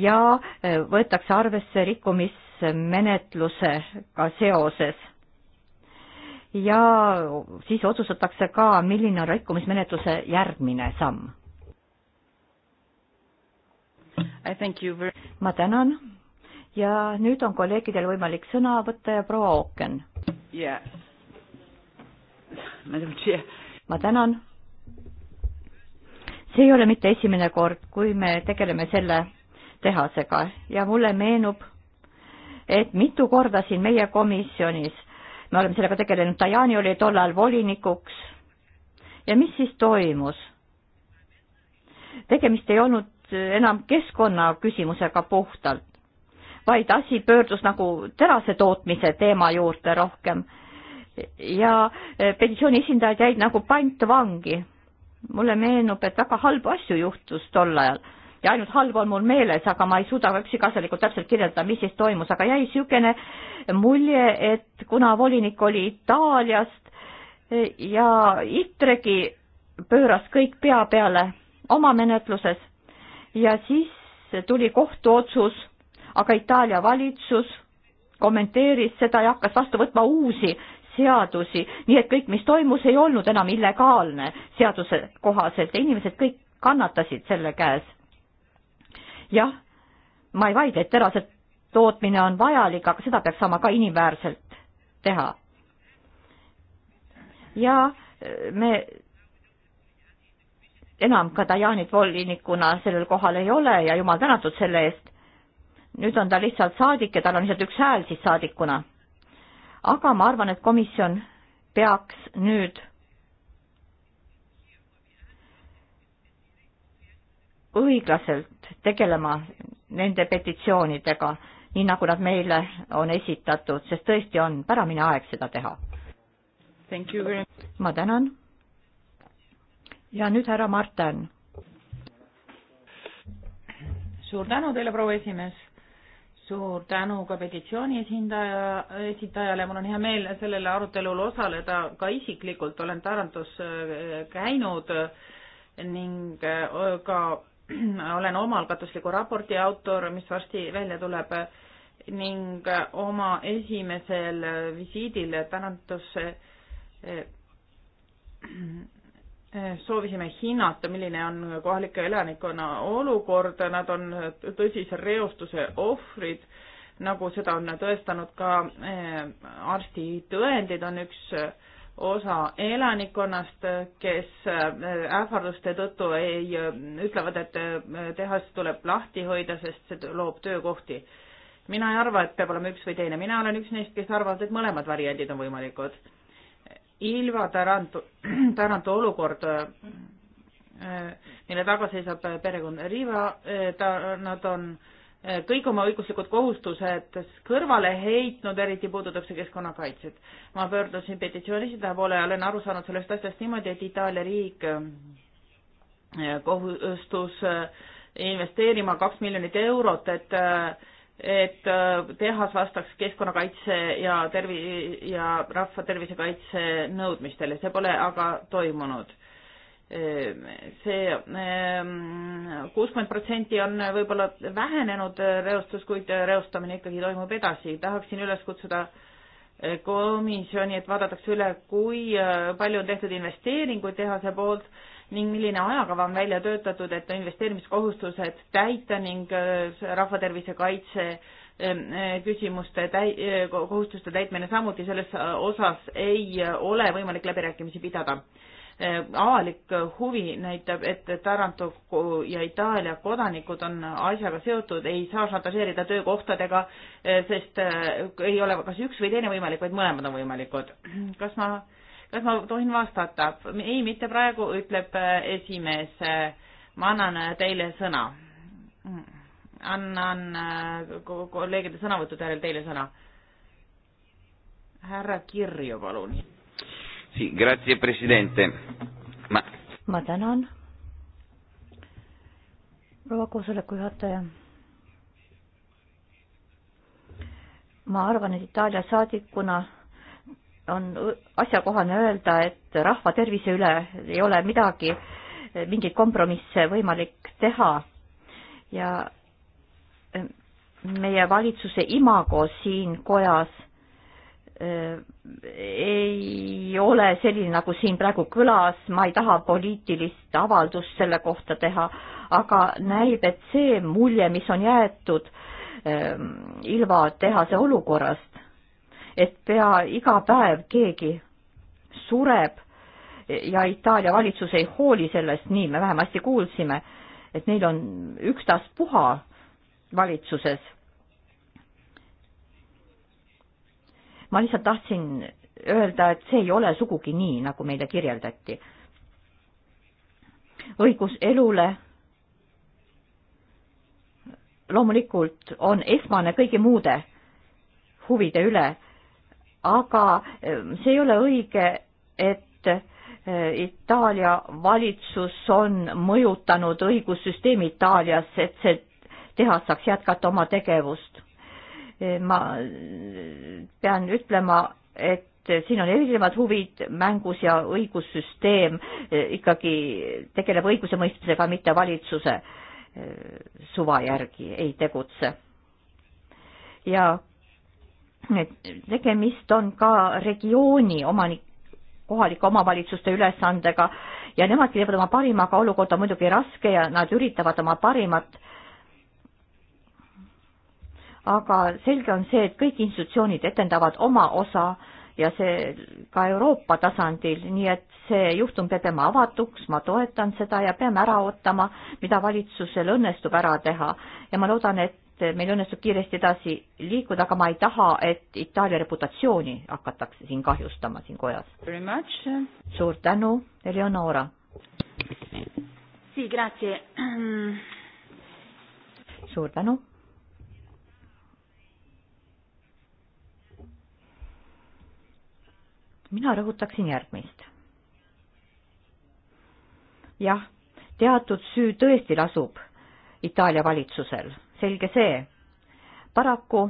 ja eh, võetakse arvesse rikkumismenetlusega seoses. ja siis otsustatakse ka, milline on rikkumismenetluse järgmine samm ma tänan ja nüüd on kolleegidel võimalik sõna võtta ja proua Ooken yeah.. ma tänan. see ei ole mitte esimene kord, kui me tegeleme selle tehasega ja mulle meenub, et mitu korda siin meie komisjonis me oleme sellega tegelenud, Tajani oli tollal volinikuks. ja mis siis toimus? tegemist ei olnud enam keskkonnaküsimusega puhtalt, vaid asi pöördus nagu terase tootmise teema juurde rohkem. ja eh, petitsiooni esindajad jäid nagu pantvangi. mulle meenub, et väga halbu asju juhtus tol ajal ja ainult halb on mul meeles, aga ma ei suuda üksikasjalikult täpselt kirjeldada, mis siis toimus, aga jäi niisugune mulje, et kuna volinik oli Itaaliast eh, ja Itregi pööras kõik pea peale oma menetluses ja siis tuli kohtuotsus, aga Itaalia valitsus kommenteeris seda ja hakkas vastu võtma uusi seadusi, nii et kõik, mis toimus, ei olnud enam illegaalne seaduse kohaselt ja inimesed kõik kannatasid selle käes. jah, ma ei vaidle, et terase tootmine on vajalik, aga seda peaks saama ka inimväärselt teha. ja me enam ka Dajanit volinikuna sellel kohal ei ole ja jumal tänatud selle eest. nüüd on ta lihtsalt saadik ja tal on lihtsalt üks hääl siis saadikuna. aga ma arvan, et komisjon peaks nüüd õiglaselt tegelema nende petitsioonidega, nii nagu nad meile on esitatud, sest tõesti on päramine aeg seda teha. ma tänan ja nüüd härra Marten. suur tänu teile, proua esimees. suur tänu ka petitsiooni esindaja, esitajale, mul on hea meel sellel arutelul osaleda, ka isiklikult olen Tarantus äh, käinud ning äh, ka olen omalgatusliku raporti autor, mis varsti välja tuleb ning äh, oma esimesel visiidil Tarantusse soovisime hinnata, milline on kohalike elanikkonna olukord, nad on tõsise reostuse ohvrid, nagu seda on tõestanud ka eh, arstitõendid, on üks osa elanikkonnast, kes eh, ähvarduste tõttu ei, eh, ütlevad, et tehas tuleb lahti hoida, sest see loob töökohti. mina ei arva, et peab olema üks või teine, mina olen üks neist, kes arvavad, et mõlemad variandid on võimalikud Ilva Taranto, Taranto olukord, äh, äh, mille taga seisab äh, perekond Riiva, ta, nad on kõik oma õiguslikud kohustused kõrvale heitnud, eriti puudutab see keskkonnakaitset. ma pöördusin petitsiooni esindaja poole ja olen aru saanud sellest asjast niimoodi, et Itaalia riik kohustus investeerima kaks miljonit eurot, et äh, et äh, tehas vastaks keskkonnakaitse ja tervi- ja rahva tervisekaitse nõudmistele, see pole aga toimunud see ähm, kuuskümmend protsenti on võib-olla vähenenud reostus, kuid reostamine ikkagi toimub edasi. tahaksin üles kutsuda äh, komisjoni, et vaadatakse üle, kui äh, palju on tehtud investeeringuid tehase poolt ning milline ajakava on välja töötatud, et investeerimiskohustused täita ning äh, rahvatervise kaitse ähm, äh, küsimuste täi-, äh, kohustuste täitmine samuti, selles osas ei ole võimalik läbirääkimisi pidada. avalik huvi näitab, et Taranto ja Itaalia kodanikud on asjaga seotud, ei saa šantažeerida töökohtadega, sest ei ole kas üks või teine võimalik, vaid mõlemad on võimalikud. kas ma kas ma tohin vastata? ei, mitte praegu, ütleb äh, esimees. ma annan äh, teile sõna. annan äh, kolleegide sõnavõttude järel teile sõna. härra Kirju, palun. Grazie, president. ma, ma tänan. proua koosoleku juhataja ma arvan, et Itaalia saadikuna on asjakohane öelda, et rahva tervise üle ei ole midagi, mingeid kompromisse võimalik teha ja meie valitsuse imago siin kojas ei ole selline, nagu siin praegu kõlas, ma ei taha poliitilist avaldust selle kohta teha, aga näib, et see mulje, mis on jäetud Ilva tehase olukorrast, et pea iga päev keegi sureb ja Itaalia valitsus ei hooli sellest, nii me vähemasti kuulsime, et neil on ükstaspuha valitsuses. ma lihtsalt tahtsin öelda, et see ei ole sugugi nii, nagu meile kirjeldati. õigus elule loomulikult on esmane kõigi muude huvide üle aga eh, see ei ole õige, et eh, Itaalia valitsus on mõjutanud õigussüsteemi Itaalias, et see tehas saaks jätkata oma tegevust. Eh, ma pean ütlema, et siin on erinevad huvid mängus ja õigussüsteem ikkagi tegeleb õigusemõistmisega, mitte valitsuse suva järgi ei tegutse. ja tegemist on ka regiooni omanik, kohalike omavalitsuste ülesandega ja nemad kirjavad oma parima, aga olukord on muidugi raske ja nad üritavad oma parimat. aga selge on see, et kõik institutsioonid etendavad oma osa ja see ka Euroopa tasandil, nii et see juhtum peab jääma avatuks, ma toetan seda ja peame ära ootama, mida valitsusel õnnestub ära teha ja ma loodan, et et meil õnnestub kiiresti edasi liikuda, aga ma ei taha, et Itaalia reputatsiooni hakatakse siin kahjustama siin kojas. suur tänu, Eleonora. suur tänu. mina rõhutaksin järgmist. jah, teatud süü tõesti lasub Itaalia valitsusel selge see. paraku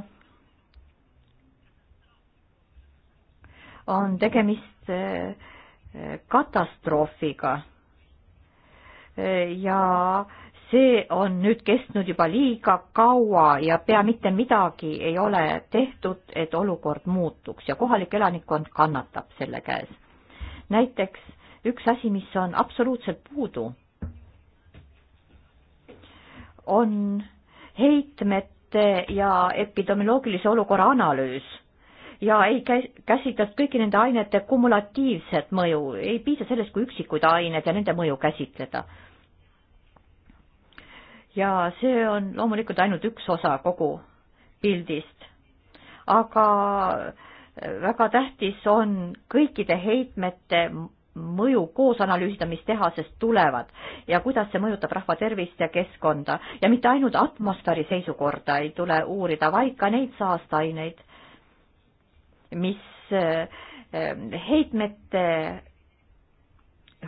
on tegemist eh, katastroofiga. Eh, ja see on nüüd kestnud juba liiga kaua ja pea mitte midagi ei ole tehtud, et olukord muutuks ja kohalik elanikkond kannatab selle käes. näiteks üks asi, mis on absoluutselt puudu, on heitmete ja epidemioloogilise olukorra analüüs ja ei käsitleta kõigi nende ainete kumulatiivset mõju, ei piisa sellest, kui üksikud ained ja nende mõju käsitleda. ja see on loomulikult ainult üks osa kogu pildist, aga väga tähtis on kõikide heitmete mõju koos analüüsida, mis tehasest tulevad ja kuidas see mõjutab rahva tervist ja keskkonda ja mitte ainult atmosfääri seisukorda ei tule uurida, vaid ka neid saasteaineid, mis eh, heitmete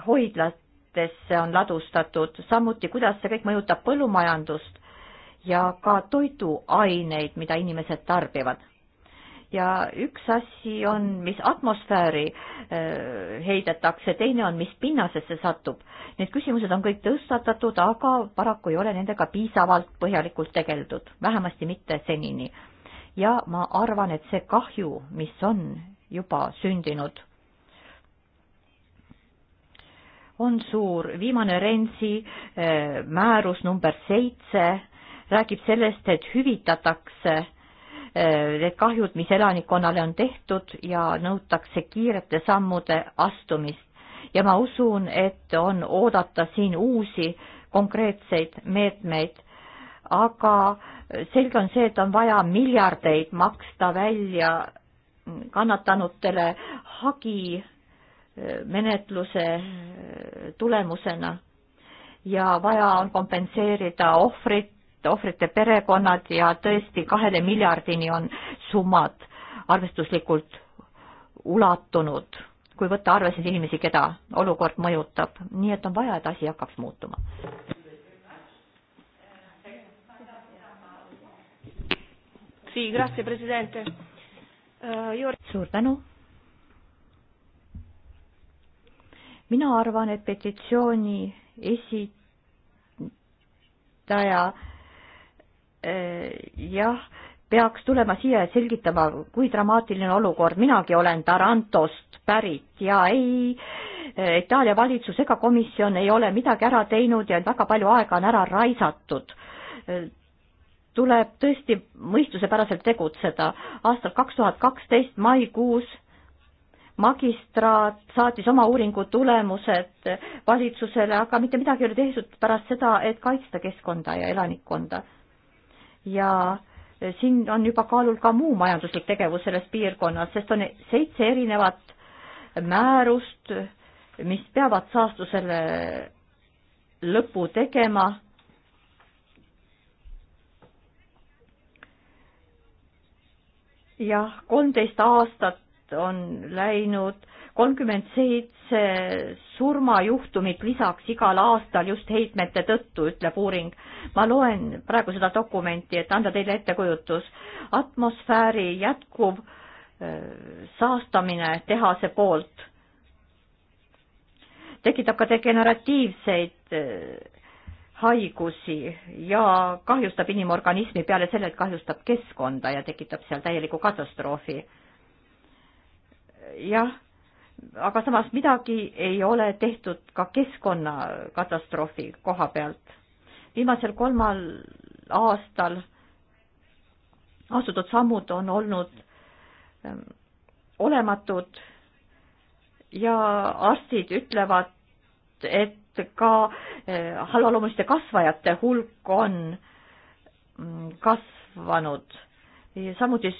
hoidlatesse on ladustatud, samuti kuidas see kõik mõjutab põllumajandust ja ka toiduaineid, mida inimesed tarbivad ja üks asi on, mis atmosfääri äh, heidetakse, teine on, mis pinnasesse satub. Need küsimused on kõik tõstatatud, aga paraku ei ole nendega piisavalt põhjalikult tegeldud, vähemasti mitte senini. ja ma arvan, et see kahju, mis on juba sündinud, on suur, viimane Rensi äh, määrus number seitse räägib sellest, et hüvitatakse Äh, need kahjud, mis elanikkonnale on tehtud ja nõutakse kiirete sammude astumist. ja ma usun, et on oodata siin uusi konkreetseid meetmeid, aga selge on see, et on vaja miljardeid maksta välja kannatanutele hagi äh, menetluse äh, tulemusena ja vaja on kompenseerida ohvrit ohvrite perekonnad ja tõesti kahele miljardini on summad arvestuslikult ulatunud, kui võtta arvesse inimesi, keda olukord mõjutab, nii et on vaja, et asi hakkaks muutuma. Eh, suur tänu. mina arvan, et petitsiooni esitaja Äh, jah, peaks tulema siia ja selgitama, kui dramaatiline olukord, minagi olen Tarantost pärit ja ei, äh, Itaalia valitsus ega komisjon ei ole midagi ära teinud ja väga palju aega on ära raisatud. Äh, tuleb tõesti mõistusepäraselt tegutseda. aastal kaks tuhat kaksteist maikuus magistraat saatis oma uuringu tulemused valitsusele, aga mitte midagi ei ole tehtud pärast seda, et kaitsta keskkonda ja elanikkonda ja eh, siin on juba kaalul ka muu majanduslik tegevus selles piirkonnas, sest on seitse erinevat määrust, mis peavad saastusele lõpu tegema jah, kolmteist aastat on läinud kolmkümmend seitse surmajuhtumit lisaks igal aastal just heitmete tõttu, ütleb uuring. ma loen praegu seda dokumenti, et anda teile ettekujutus. atmosfääri jätkuv äh, saastamine tehase poolt tekitab ka degeneratiivseid äh, haigusi ja kahjustab inimorganismi, peale selle, et kahjustab keskkonda ja tekitab seal täieliku katastroofi. jah aga samas midagi ei ole tehtud ka keskkonnakatastroofi koha pealt. viimasel kolmal aastal astutud sammud on olnud ähm, olematud ja arstid ütlevad, et ka äh, halvaloomuliste kasvajate hulk on mm, kasvanud, samuti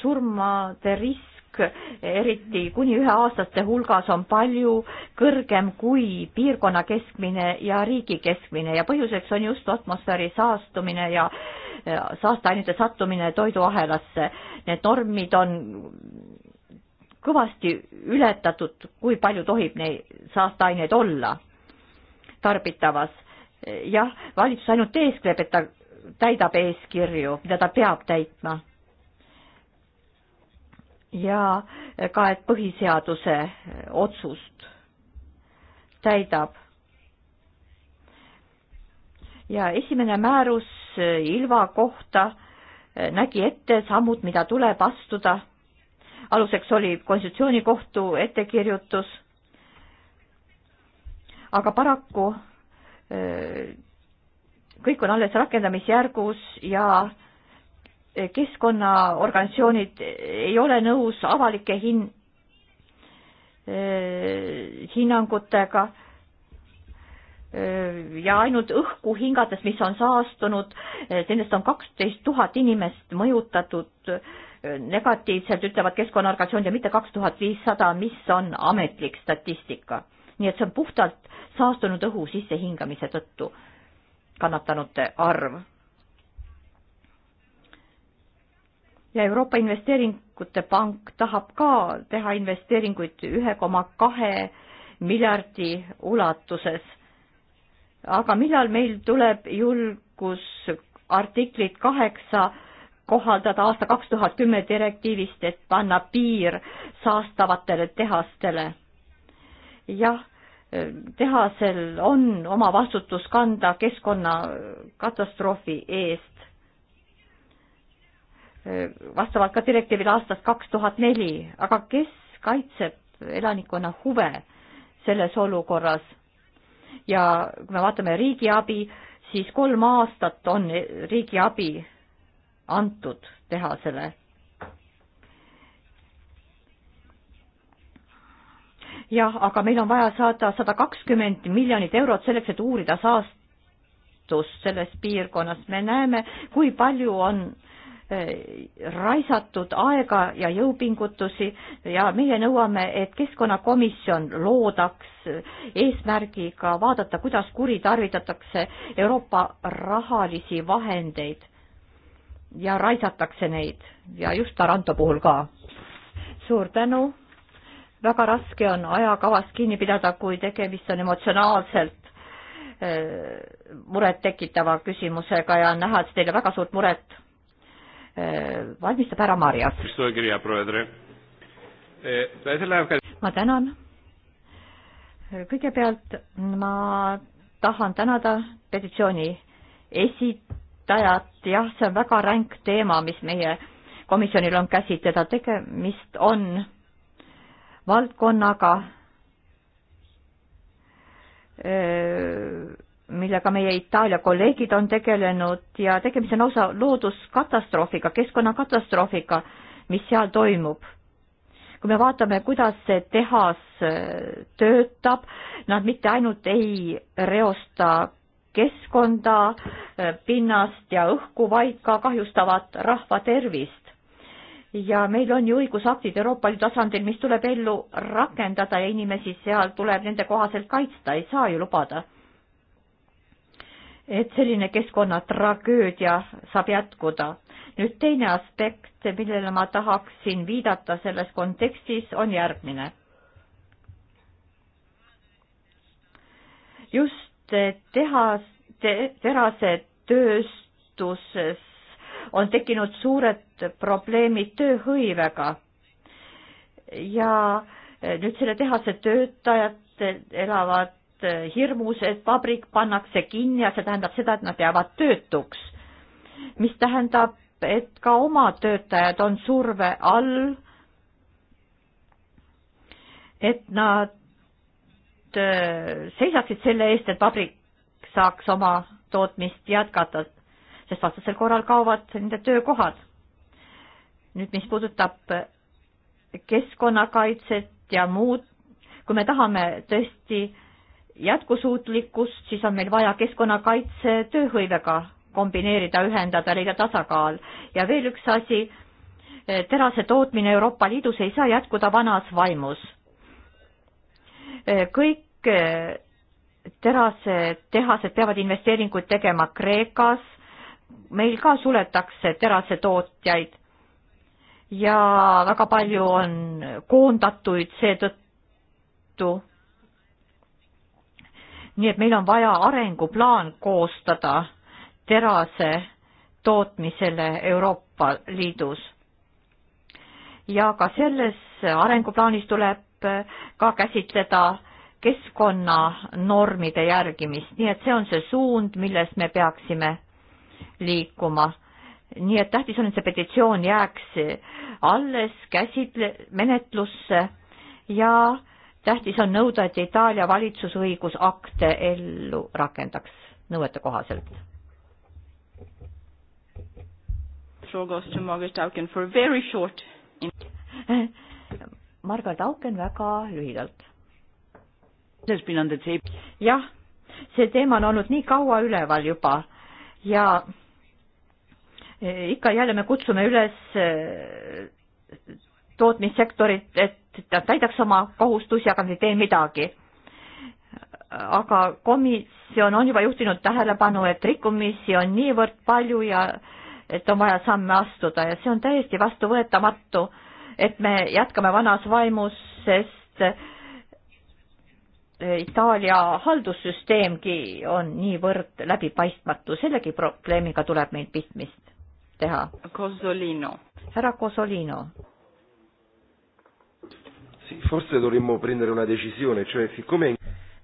surmade risk palk, eriti kuni üheaastaste hulgas, on palju kõrgem kui piirkonna keskmine ja riigi keskmine ja põhjuseks on just atmosfääri saastumine ja saasteainete sattumine toiduahelasse. Need normid on kõvasti ületatud, kui palju tohib neid saasteaineid olla tarbitavas. jah, valitsus ainult eeskleb, et ta täidab eeskirju, mida ta peab täitma ja ka, et põhiseaduse otsust täidab. ja esimene määrus Ilva kohta nägi ette sammud, mida tuleb astuda. aluseks oli konstitutsioonikohtu ettekirjutus. aga paraku eh, kõik on alles rakendamisjärgus ja Eh, keskkonnaorganisatsioonid ei ole nõus avalike hin-, eh, hinnangutega eh, ja ainult õhku hingates, mis on saastunud, sellest on kaksteist tuhat inimest mõjutatud negatiivselt, ütlevad keskkonnaorganisatsioonid ja mitte kaks tuhat viissada, mis on ametlik statistika. nii et see on puhtalt saastunud õhu sissehingamise tõttu kannatanute arv ja Euroopa Investeeringute Pank tahab ka teha investeeringuid ühe koma kahe miljardi ulatuses. aga millal meil tuleb julgus artiklit kaheksa kohaldada aasta kaks tuhat kümme direktiivist, et panna piir saastavatele tehastele? jah, tehasel on oma vastutus kanda keskkonnakatastroofi eest vastavalt ka direktiivile aastast kaks tuhat neli, aga kes kaitseb elanikkonna huve selles olukorras? ja kui me vaatame riigiabi, siis kolm aastat on riigiabi antud tehasele. jah, aga meil on vaja saada sada kakskümmend miljonit eurot selleks, et uurida saastust selles piirkonnas. me näeme, kui palju on äh, Äh, raisatud aega ja jõupingutusi ja meie nõuame, et keskkonnakomisjon loodaks eesmärgiga vaadata, kuidas kuritarvitatakse Euroopa rahalisi vahendeid ja raisatakse neid ja just Taranto puhul ka. suur tänu, väga raske on ajakavast kinni pidada, kui tegemist on emotsionaalselt äh, murettekitava küsimusega ja on näha, et teile väga suurt muret Eh, valmistab ära Marjas. ma tänan. kõigepealt ma tahan tänada petitsiooni esitajat, jah, see on väga ränk teema, mis meie komisjonil on käsitleda, tegemist on valdkonnaga öö, eh, millega meie Itaalia kolleegid on tegelenud ja tegemist on lausa looduskatastroofiga, keskkonnakatastroofiga, mis seal toimub. kui me vaatame, kuidas see tehas äh, töötab, nad mitte ainult ei reosta keskkonda, äh, pinnast ja õhku, vaid ka kahjustavad rahva tervist. ja meil on ju õigusaktid Euroopa Liidu tasandil, mis tuleb ellu rakendada ja inimesi seal tuleb nende kohaselt kaitsta, ei saa ju lubada et selline keskkonnatragöödia saab jätkuda. nüüd teine aspekt, millele ma tahaksin viidata selles kontekstis, on järgmine. just tehas te,, terasetööstuses on tekkinud suured probleemid tööhõivega ja nüüd selle tehase töötajad elavad Äh, hirmus, et vabrik pannakse kinni ja see tähendab seda, et nad jäävad töötuks. mis tähendab, et ka oma töötajad on surve all, et nad äh, seisaksid selle eest, et vabrik saaks oma tootmist jätkata, sest vastasel korral kaovad nende töökohad. nüüd, mis puudutab keskkonnakaitset ja muud, kui me tahame tõesti jätkusuutlikkust, siis on meil vaja keskkonnakaitse tööhõivega kombineerida, ühendada, leida tasakaal. ja veel üks asi, eh, terase tootmine Euroopa Liidus ei saa jätkuda vanas vaimus. Eh, kõik eh, terasetehased peavad investeeringuid tegema Kreekas, meil ka suletakse terasetootjaid ja väga palju on koondatuid seetõttu nii et meil on vaja arenguplaan koostada terase tootmisele Euroopa Liidus. ja ka selles arenguplaanis tuleb ka käsitleda keskkonnanormide järgimist, nii et see on see suund, milles me peaksime liikuma. nii et tähtis on, et see petitsioon jääks alles käsitle-, menetlusse ja äh, tähtis on nõuda, et Itaalia valitsus õigusakte ellu rakendaks nõuete kohaselt. Margaret Auken väga lühidalt. jah, see teema on olnud nii kaua üleval juba ja eh, ikka jälle me kutsume üles eh, tootmissektorit, et ta täidaks oma kohustusi, aga nad ei tee midagi. aga komisjon on juba juhtinud tähelepanu, et rikkumisi on niivõrd palju ja et on vaja samme astuda ja see on täiesti vastuvõetamatu, et me jätkame vanas vaimus, sest Itaalia haldussüsteemgi on niivõrd läbipaistmatu, sellegi probleemiga tuleb meil pistmist teha. Cosolino. härra Cosolino Sì, forse dovremmo prendere una decisione, cioè siccome...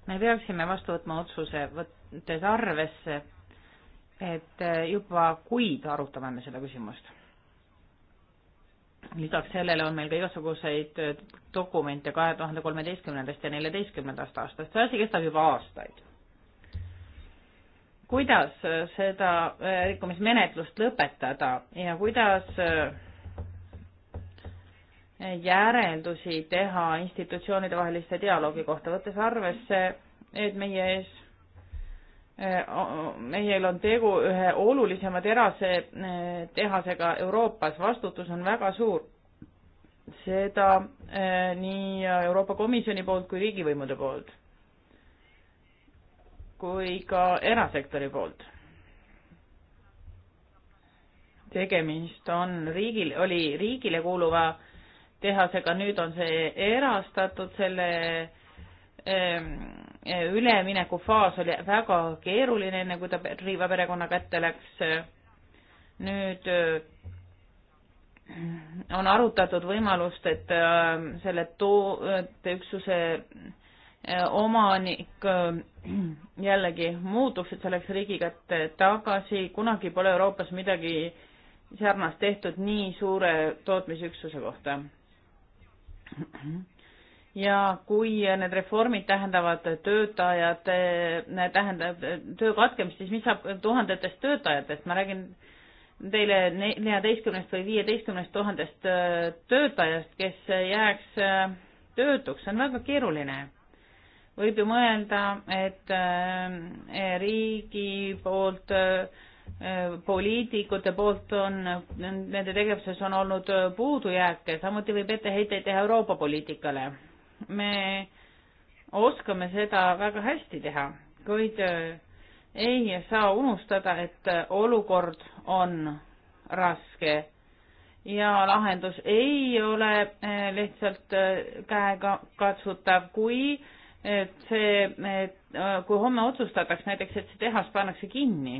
me peaksime vastu võtma otsuse, võttes arvesse, et eh, juba kuid arutame me seda küsimust. lisaks sellele on meil ka igasuguseid eh, dokumente kahe tuhande kolmeteistkümnendast ja neljateistkümnendast aastast, see asi kestab juba aastaid kuidas eh, seda rikkumismenetlust lõpetada ja kuidas järeldusi teha institutsioonide vaheliste dialoogi kohta, võttes arvesse, et meie ees, meil on tegu ühe olulisema terase tehasega Euroopas, vastutus on väga suur. seda eh, nii Euroopa Komisjoni poolt kui riigivõimude poolt kui ka erasektori poolt tegemist on riigil, oli riigile kuuluva tehasega, nüüd on see erastatud, selle ehm, eh, üleminekufaas oli väga keeruline, enne kui ta Riiva perekonna kätte läks. nüüd eh, on arutatud võimalust, et ehm, selle tooteüksuse eh, omanik jällegi muutuks, et see läks riigi kätte tagasi, kunagi pole Euroopas midagi sarnast tehtud nii suure tootmisüksuse kohta ja kui need reformid tähendavad töötajate, tähendab töö katkemist, siis mis saab tuhandetest töötajatest, ma räägin teile neljateistkümnest või viieteistkümnest tuhandest äh, töötajast, kes jääks äh, töötuks, see on väga keeruline. võib ju mõelda, et äh, riigi poolt äh, Äh, poliitikute poolt on, nende tegevuses on olnud äh, puudujääke, samuti võib etteheiteid teha Euroopa poliitikale. me oskame seda väga hästi teha, kuid äh, ei saa unustada, et olukord on raske ja lahendus ei ole lihtsalt käega katsutav, kui et see, kui homme otsustatakse näiteks, et see tehas pannakse kinni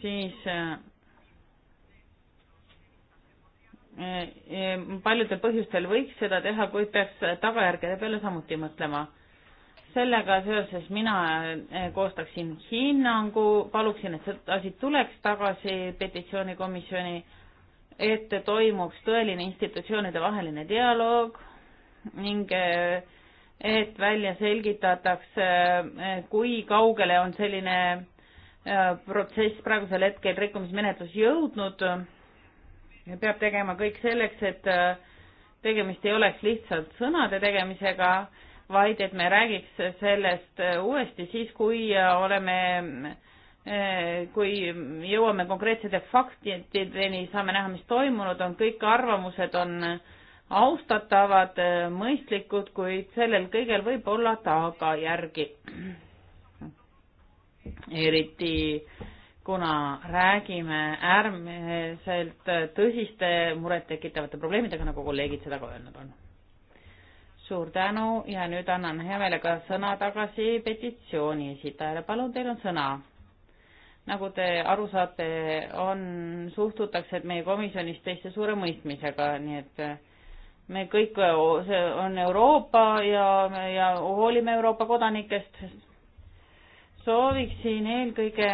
siis äh, äh, äh, paljudel põhjustel võiks seda teha, kuid peaks tagajärgede peale samuti mõtlema. sellega seoses mina koostaksin hinnangu, paluksin, et see asi tuleks tagasi petitsioonikomisjoni, et toimuks tõeline institutsioonide vaheline dialoog ning äh, et välja selgitatakse, kui kaugele on selline äh, protsess praegusel hetkel rikkumismenetlus jõudnud. peab tegema kõik selleks, et äh, tegemist ei oleks lihtsalt sõnade tegemisega, vaid et me räägiks sellest äh, uuesti siis, kui oleme, kui jõuame konkreetsete faktideni, saame näha, mis toimunud on, kõik arvamused on äh, austatavad, äh, mõistlikud, kuid sellel kõigel võib olla tagajärgi. eriti kuna räägime äärmiselt äh, tõsiste murettekitavate probleemidega, nagu kolleegid seda ka öelnud on. suur tänu ja nüüd annan hea meelega sõna tagasi petitsiooni esitajale, palun, teil on sõna nagu te aru saate, on, suhtutakse meie komisjonis teiste suure mõistmisega, nii et äh, me kõik, see on Euroopa ja, ja hoolime Euroopa kodanikest. sooviksin eelkõige,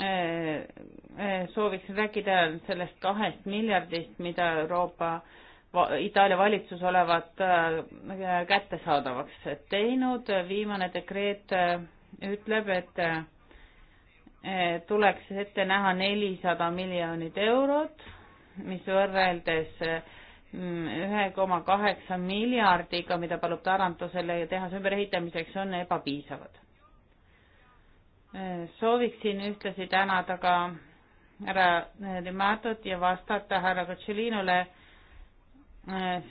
eh, sooviksin rääkida sellest kahest miljardist, mida Euroopa, Itaalia valitsus olevat eh, kättesaadavaks teinud. viimane dekreet eh, ütleb, et tuleks ette näha nelisada miljonit eurot mis võrreldes mm, ühe koma kaheksa miljardiga, mida palub Taranto selle tehase ümberehitamiseks, on ebapiisavad. sooviksin ühtlasi tänada ka härra Limatot ja vastata härra Kotšelinule eh,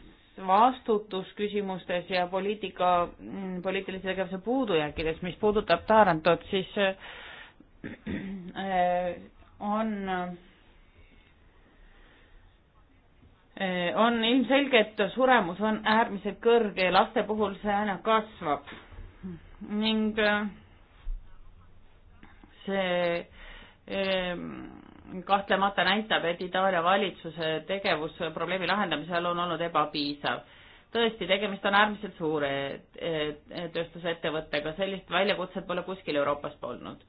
vastutusküsimustes ja poliitika, mm, poliitilise tegevuse puudujääkides, mis puudutab Tarantot, siis eh, eh, on Eh, on ilmselge, et suremus on äärmiselt kõrge ja laste puhul see aina kasvab ning eh, see eh, kahtlemata näitab, et Itaalia valitsuse tegevus probleemi lahendamisel on olnud ebapiisav. tõesti, tegemist on äärmiselt suure tööstusettevõttega, sellist väljakutset pole kuskil Euroopas polnud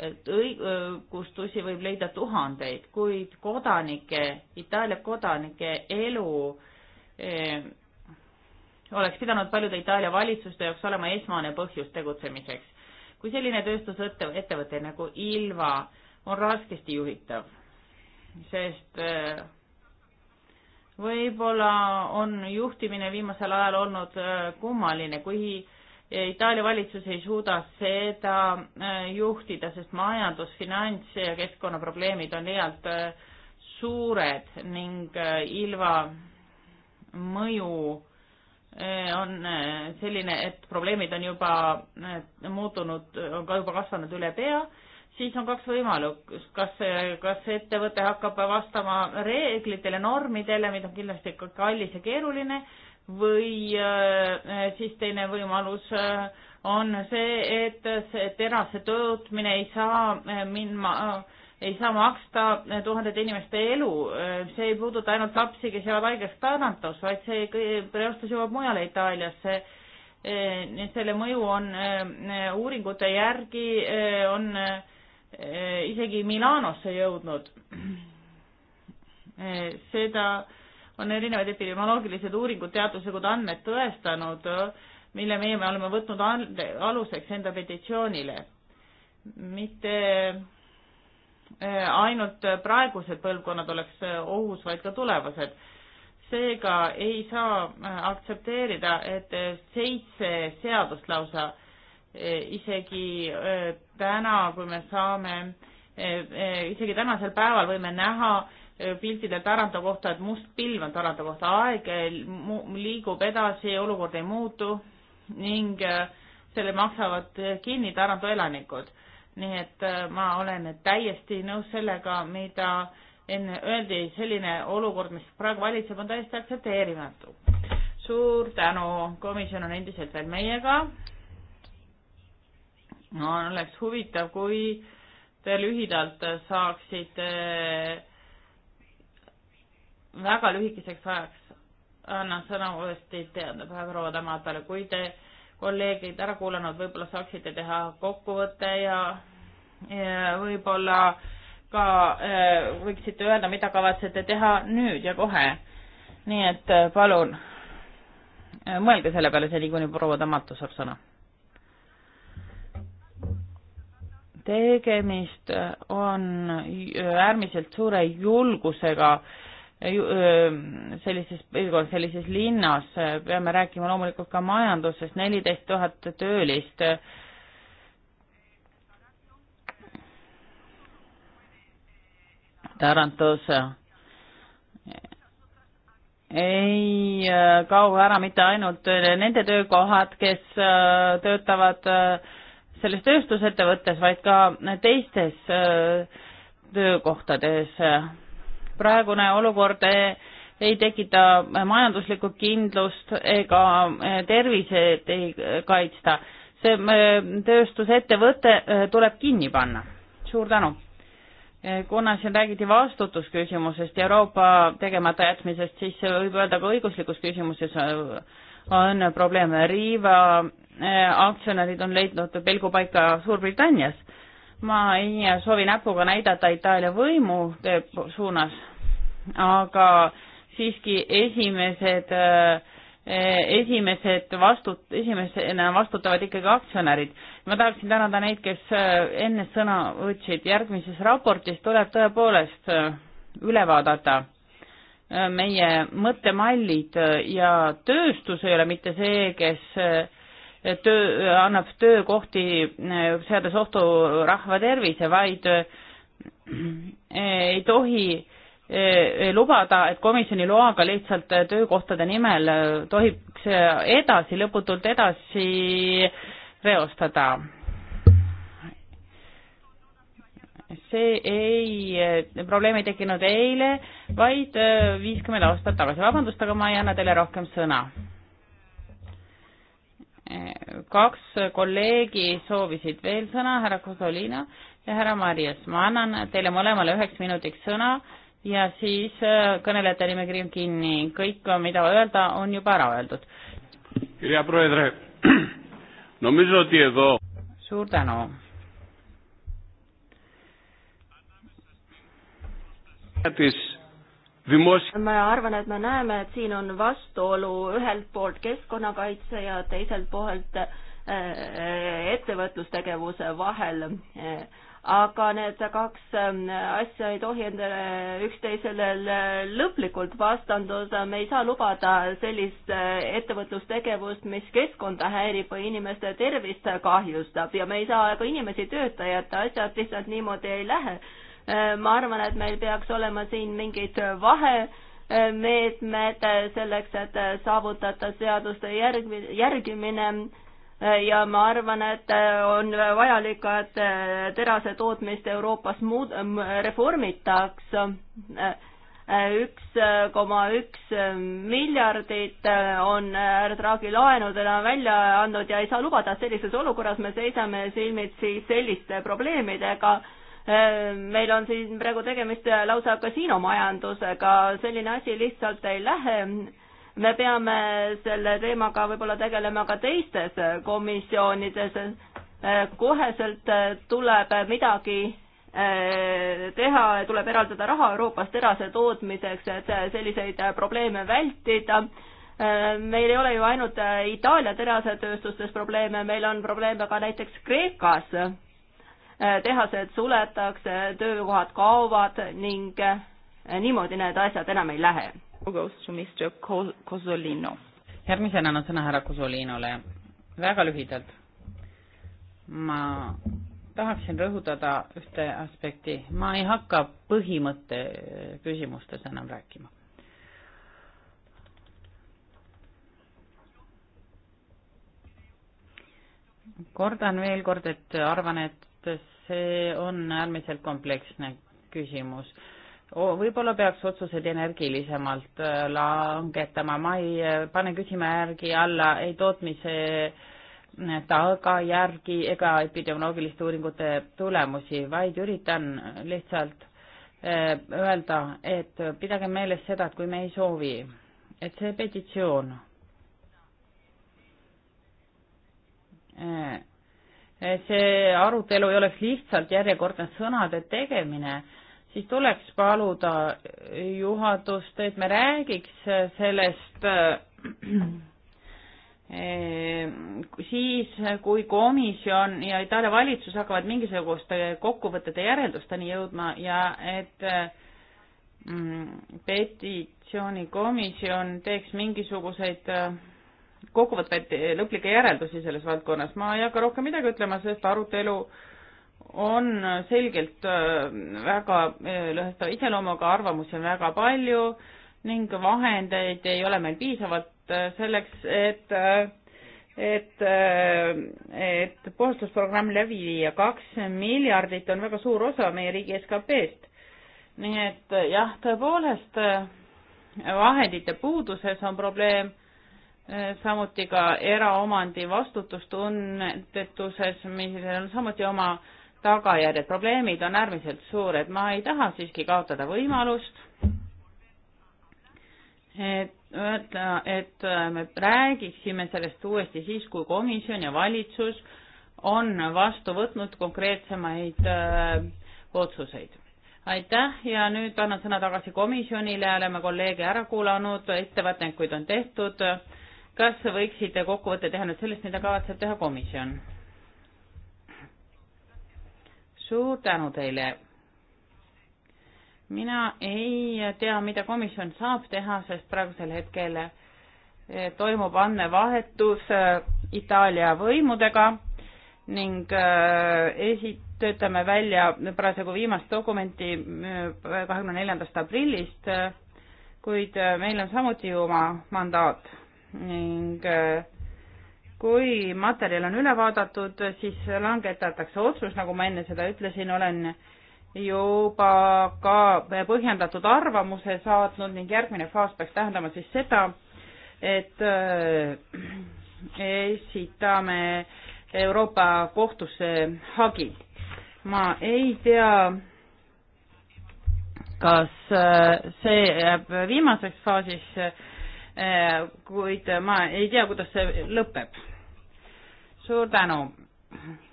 et õigustusi võib leida tuhandeid, kuid kodanike, Itaalia kodanike elu eh, oleks pidanud paljude Itaalia valitsuste jaoks olema esmane põhjus tegutsemiseks. kui selline tööstusettevõte nagu Ilva on raskesti juhitav, sest eh, võib-olla on juhtimine viimasel ajal olnud eh, kummaline, kui Itaalia valitsus ei suuda seda äh, juhtida, sest majandus, finants ja keskkonnaprobleemid on liialt äh, suured ning äh, Ilva mõju on selline, et probleemid on juba muutunud, on ka juba kasvanud üle pea, siis on kaks võimalust, kas, kas ettevõte hakkab vastama reeglitele, normidele, mida on kindlasti ikka kallis ja keeruline või äh, siis teine võimalus äh, on see, et see terase tootmine ei saa äh, minna, ei saa maksta tuhandete inimeste elu, see ei puuduta ainult lapsi, kes jäävad haigeks Tarantos, vaid see reostus jõuab mujale Itaaliasse. nii et selle mõju on uuringute järgi on isegi Milanosse jõudnud. seda on erinevad epidemioloogilised uuringud, teaduslikud andmed tõestanud, mille meie me oleme võtnud aluseks enda petitsioonile. mitte äh, ainult praegused põlvkonnad oleks äh, ohus, vaid ka tulevased. seega ei saa äh, aktsepteerida, et seitse seadust lausa isegi täna, kui me saame, isegi tänasel päeval võime näha, Äh, piltidel Taranta kohta, et must pilv on Taranta kohta, aeg äh, liigub edasi, olukord ei muutu ning äh, selle maksavad kinni Taranto elanikud. nii et ma olen täiesti nõus sellega, mida enne öeldi, selline olukord, mis praegu valitseb, on täiesti aktsepteerimatu. suur tänu, komisjon on endiselt veel meiega. no oleks huvitav, kui te lühidalt saaksite äh, väga lühikeseks ajaks annan sõna uuesti teada proua Tamatale, kui te kolleegid ära kuulanud, võib-olla saaksite teha kokkuvõtte ja, ja võib-olla ka äh, võiksite öelda, mida kavatsete teha nüüd ja kohe. nii et äh, palun äh, mõelge selle peale seni, kuni proua Tamatu saab sõna. tegemist on äärmiselt suure julgusega äh, Äh, äh, sellises piirkonnas, sellises linnas, äh, peame rääkima loomulikult ka majandusest, neliteist tuhat töölist. Tarantos ei kao ära mitte ainult nende töökohad, kes töötavad selles tööstusettevõttes, vaid ka teistes töökohtades praegune olukord ei tekita majanduslikku kindlust ega eh, terviseid ei kaitsta. see eh, tööstusettevõte eh, tuleb kinni panna. suur tänu. kuna siin räägiti vastutusküsimusest ja Euroopa tegemata jätmisest, siis võib öelda ka õiguslikus küsimuses on probleeme. Riiva aktsionärid on leidnud pelgupaika Suurbritannias ma ei soovi näpuga näidata Itaalia võimu eh, suunas, aga siiski esimesed, eh, esimesed vastut-, esimesena vastutavad ikkagi aktsionärid. ma tahaksin tänada neid, kes eh, enne sõna võtsid, järgmises raportis tuleb tõepoolest üle vaadata meie mõttemallid ja tööstus ei ole mitte see, kes töö, annab töökohti, äh, seades ohtu rahva tervise, vaid äh, ei tohi ei äh, lubada, et komisjoni loaga lihtsalt töökohtade nimel tohiks edasi, lõputult edasi reostada. see ei, probleem ei tekkinud eile, vaid viiskümmend aastat tagasi. vabandust, aga ma ei anna teile rohkem sõna kaks kolleegi soovisid veel sõna, härra Kosolina ja härra Marjas. ma annan teile mõlemale üheks minutiks sõna ja siis äh, kõnelejate nimekiri on kinni. kõik, mida öelda, on juba ära öeldud. Kirja Proedre, no mis on teie too? suur tänu. teatis ma arvan, et me näeme, et siin on vastuolu ühelt poolt keskkonnakaitse ja teiselt poolt äh, ettevõtlustegevuse vahel. aga need kaks ähm, asja ei tohi endale üksteisele lõplikult vastanduda, me ei saa lubada sellist äh, ettevõtlustegevust, mis keskkonda häirib või inimeste tervist kahjustab ja me ei saa ka inimesi tööta jätta, asjad lihtsalt niimoodi ei lähe Äh, ma arvan, et meil peaks olema siin mingid vahemeetmed äh, selleks, et äh, saavutada seaduste järg, järgimine ja ma arvan, et on vajalik ka, et terase tootmist Euroopas muud-, reformitaks. üks koma üks miljardit on Erdraagi laenudena välja andnud ja ei saa lubada, et sellises olukorras me seisame silmitsi selliste probleemidega Ehm, meil on siin praegu tegemist lausa kasiinomajandusega, selline asi lihtsalt ei lähe me peame selle teemaga võib-olla tegelema ka teistes komisjonides. Ehm, koheselt tuleb midagi ehm, teha, tuleb eraldada raha Euroopas terase tootmiseks, et selliseid probleeme vältida. meil ei ole ju ainult Itaalia terasetööstustes probleeme, meil on probleeme ka näiteks Kreekas Äh, tehased suletakse, töökohad kaovad ning äh, niimoodi need asjad enam ei lähe. järgmisena annan sõna härra Kosolinole. väga lühidalt. ma tahaksin rõhutada ühte aspekti. ma ei hakka põhimõtte äh, küsimustes enam rääkima. kordan veel kord, et arvan, et suhtes, see on äärmiselt kompleksne küsimus. võib-olla peaks otsused energilisemalt äh, langetama, ma ei äh, pane küsimärgi alla ei tootmise äh, tagajärgi ega epidemioloogiliste uuringute tulemusi, vaid üritan lihtsalt öelda, et pidage meeles seda, et kui me ei soovi, et see petitsioon see arutelu ei oleks lihtsalt järjekordne sõnade tegemine, siis tuleks paluda juhatust, et me räägiks sellest äh, siis, kui komisjon ja Itaalia valitsus hakkavad mingisuguste kokkuvõtete järeldusteni jõudma ja et äh, mm, petitsioonikomisjon teeks mingisuguseid äh, kokkuvõtteid, eh, lõplikke järeldusi selles valdkonnas. ma ei hakka rohkem midagi ütlema, sest arutelu on selgelt eh, väga eh, lõhestava iseloomuga, arvamusi on väga palju ning vahendeid ei ole meil piisavalt selleks, et et, et puhastusprogramm läbi viia. kaks miljardit on väga suur osa meie riigi SKP-st. nii et jah, tõepoolest vahendite puuduses on probleem Äh, samuti ka eraomandi vastutustundetuses, millel on samuti oma tagajärjed, probleemid on äärmiselt suured, ma ei taha siiski kaotada võimalust, et öelda, et äh, me räägiksime sellest uuesti siis, kui komisjon ja valitsus on vastu võtnud konkreetsemaid öö, äh, otsuseid aitäh ja nüüd annan sõna tagasi komisjonile, oleme kolleege ära kuulanud, ettepanekuid on tehtud kas võiksite kokkuvõtte teha nüüd sellest, mida kavatseb teha komisjon? suur tänu teile. mina ei tea, mida komisjon saab teha, sest praegusel hetkel eh, toimub andmevahetus eh, Itaalia võimudega ning eh, esi-, töötame välja praegu viimast dokumenti kahekümne neljandast aprillist, kuid meil on samuti oma mandaat ning äh, kui materjal on üle vaadatud, siis langetatakse otsus, nagu ma enne seda ütlesin, olen juba ka põhjendatud arvamuse saatnud ning järgmine faas peaks tähendama siis seda, et äh, esitame Euroopa kohtusse hagi. ma ei tea, kas äh, see jääb viimaseks faasiks Äh, kuid ma ei tea, kuidas see lõpeb. suur tänu,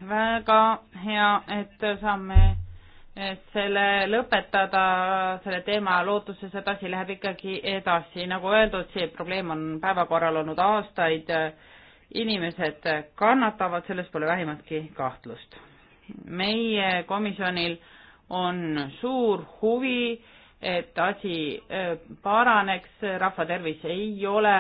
väga hea, et saame selle lõpetada, selle teema lootuses, et asi läheb ikkagi edasi, nagu öeldud, see probleem on päevakorral olnud aastaid, inimesed kannatavad, selles pole vähimatki kahtlust. meie komisjonil on suur huvi et asi äh, paraneks, rahvatervis ei ole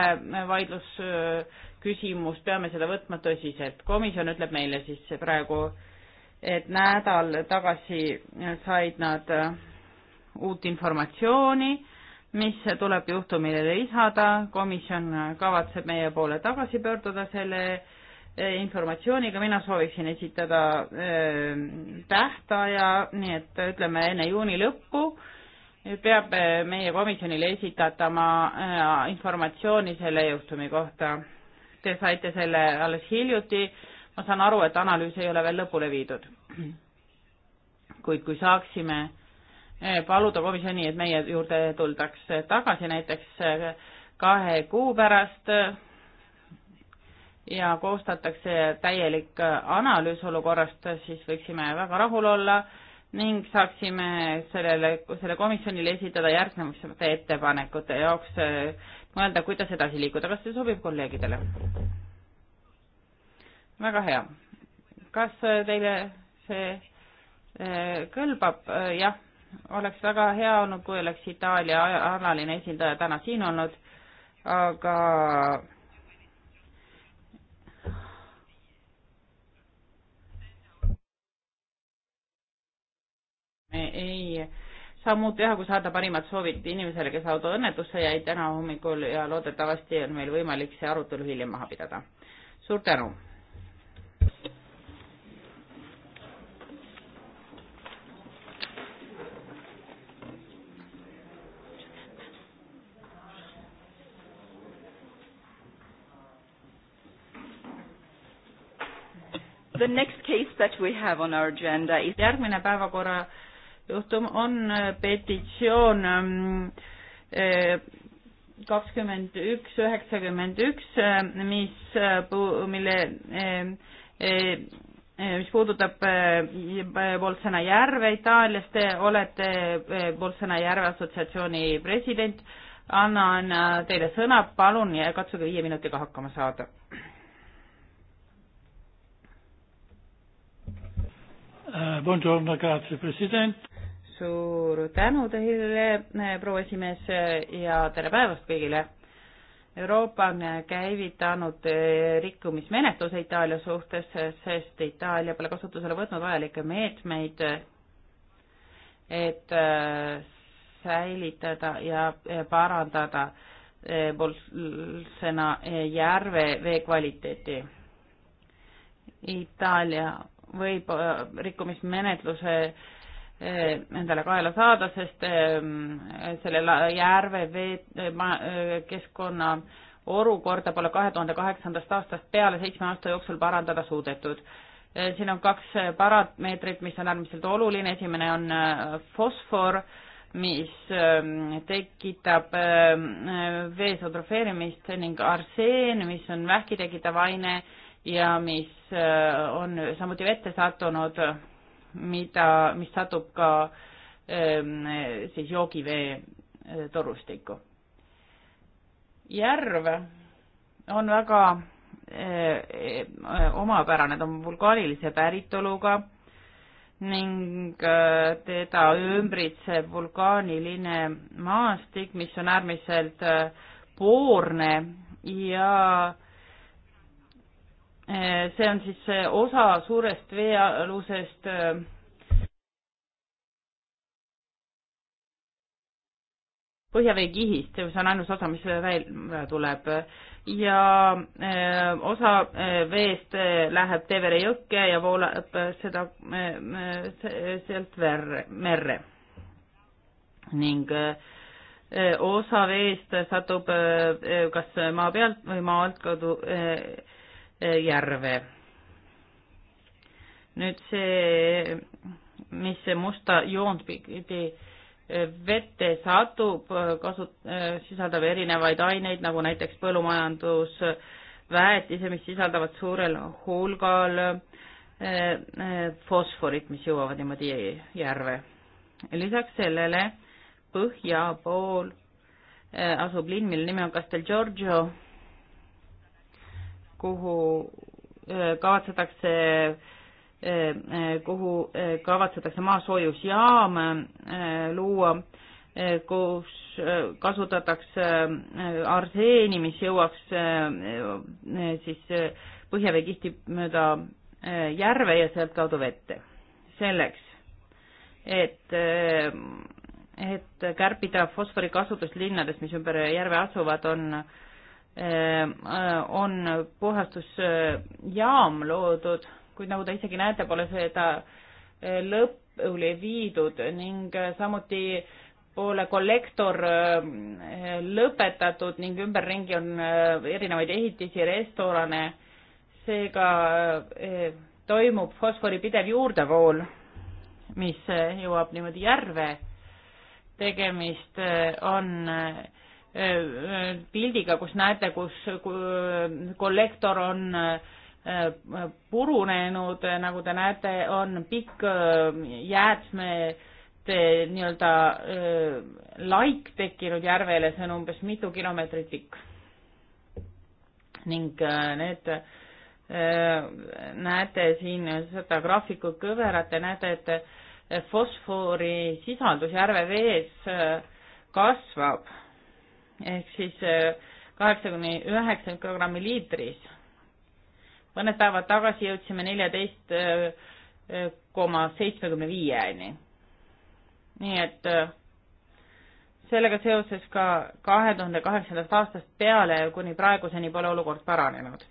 vaidlusküsimus, äh, peame seda võtma tõsiselt. komisjon ütleb meile siis praegu, et nädal tagasi said nad äh, uut informatsiooni, mis tuleb juhtumile lisada, komisjon kavatseb meie poole tagasi pöörduda selle informatsiooniga, mina sooviksin esitada tähtaja, nii et ütleme enne juuni lõppu peab eh, meie komisjonile esitatama eh, informatsiooni selle juhtumi kohta. Te saite selle alles hiljuti, ma saan aru, et analüüs ei ole veel lõpule viidud. kuid kui saaksime eh, paluda komisjoni, et meie juurde tuldaks tagasi näiteks kahe kuu pärast ja koostatakse täielik analüüs olukorrast, siis võiksime väga rahul olla ning saaksime sellele, selle komisjonile esitada järgnevate ettepanekute jaoks äh, mõelda, kuidas edasi liikuda, kas see sobib kolleegidele? väga hea. kas äh, teile see äh, kõlbab? jah, oleks väga hea olnud, kui oleks Itaalia alaline esindaja täna siin olnud, aga sammud teha, kui saada parimad soovid inimesele, kes autoõnnetusse jäi täna hommikul ja loodetavasti on meil võimalik see arutelu hiljem maha pidada. suur tänu! The next case that we have on our agenda is järgmine päevakorra juhtum on äh, petitsioon ähm, äh, kakskümmend üks üheksakümmend üks, äh, mis, mille, mis puudutab Bolsena järve Itaalias, te olete Bolsena järve assotsiatsiooni president, annan teile sõna, palun ja katsuge viie minutiga hakkama saada Buongiorno, grazie Presidente suur tänu teile, eh, proua esimees eh, ja tere päevast kõigile. Euroopa on eh, käivitanud rikkumismenetluse Itaalia suhtes, sest Itaalia pole kasutusele võtnud vajalikke meetmeid, et säilitada ja parandada Bolsena järve vee kvaliteeti. Itaalia võib rikkumismenetluse äh, Eh, endale kaela saada, sest ehm, selle järve vee, eh, eh, keskkonna olukorda pole kahe tuhande kaheksandast aastast peale seitsme aasta jooksul parandada suudetud. siin on kaks parameetrit, mis on äärmiselt oluline, esimene on fosfor, mis ehm, tekitab ehm, vee sodrofeerimist ning arseen, mis on vähki tekitav aine ja mis on samuti vette sattunud mida, mis satub ka ähm, siis joogivee äh, torustikku. järv on väga äh, omapärane, ta on vulkaanilise päritoluga ning äh, teda ümbritseb vulkaaniline maastik, mis on äärmiselt poorne ja Eh, see on siis eh, osa suurest veealusest eh, põhjaveekihist, see on ainus osa, mis välja tuleb ja öö, osa öö, veest läheb Tevere jõkke ja voolab seda öö, se, sealt verre, merre ning öö, osa veest satub öö, kas maa pealt või maa alt kaudu järve. nüüd see, mis see musta joont pidi vette satub, kasut-, sisaldab erinevaid aineid, nagu näiteks põllumajandusväetise, mis sisaldavad suurel hulgal eh, eh, fosforit, mis jõuavad niimoodi järve. lisaks sellele põhja pool eh, asub linn, mille nimi on Castel Giorgio kuhu äh, kavatsetakse äh, äh, kuhu kavatsetakse maasoojusjaam luua, kus kasutatakse arseeni, mis jõuaks siis põhjaveekihti mööda järve ja sealtkaudu vette. selleks, et, et kärpida fosfori kasutust linnades, mis ümber järve asuvad, on Äh, äh, on puhastusjaam loodud, kuid nagu te isegi näete, pole seda äh, lõpuni viidud ning samuti pole kollektor lõpetatud ning ümberringi on erinevaid ehitisi, restorane, seega toimub fosfori pidev juurdevool, mis jõuab niimoodi järve. tegemist on äh, pildiga, kus näete, kus kollektor on äh, purunenud, nagu te näete, on pikk äh, jäätmete nii-öelda äh, laik tekkinud järvele, see on umbes mitu kilomeetrit pikk. ning need näete siin seda graafikut kõverat ja näete, et fosfoori sisaldus järve vees kasvab ehk siis äh, kaheksa kuni üheksakümmend grammi liitris. mõned päevad tagasi jõudsime neljateist äh, äh, koma seitsmekümne viieni. nii et sellega seoses ka kahe tuhande kaheksandast aastast peale kuni praeguseni pole olukord paranenud.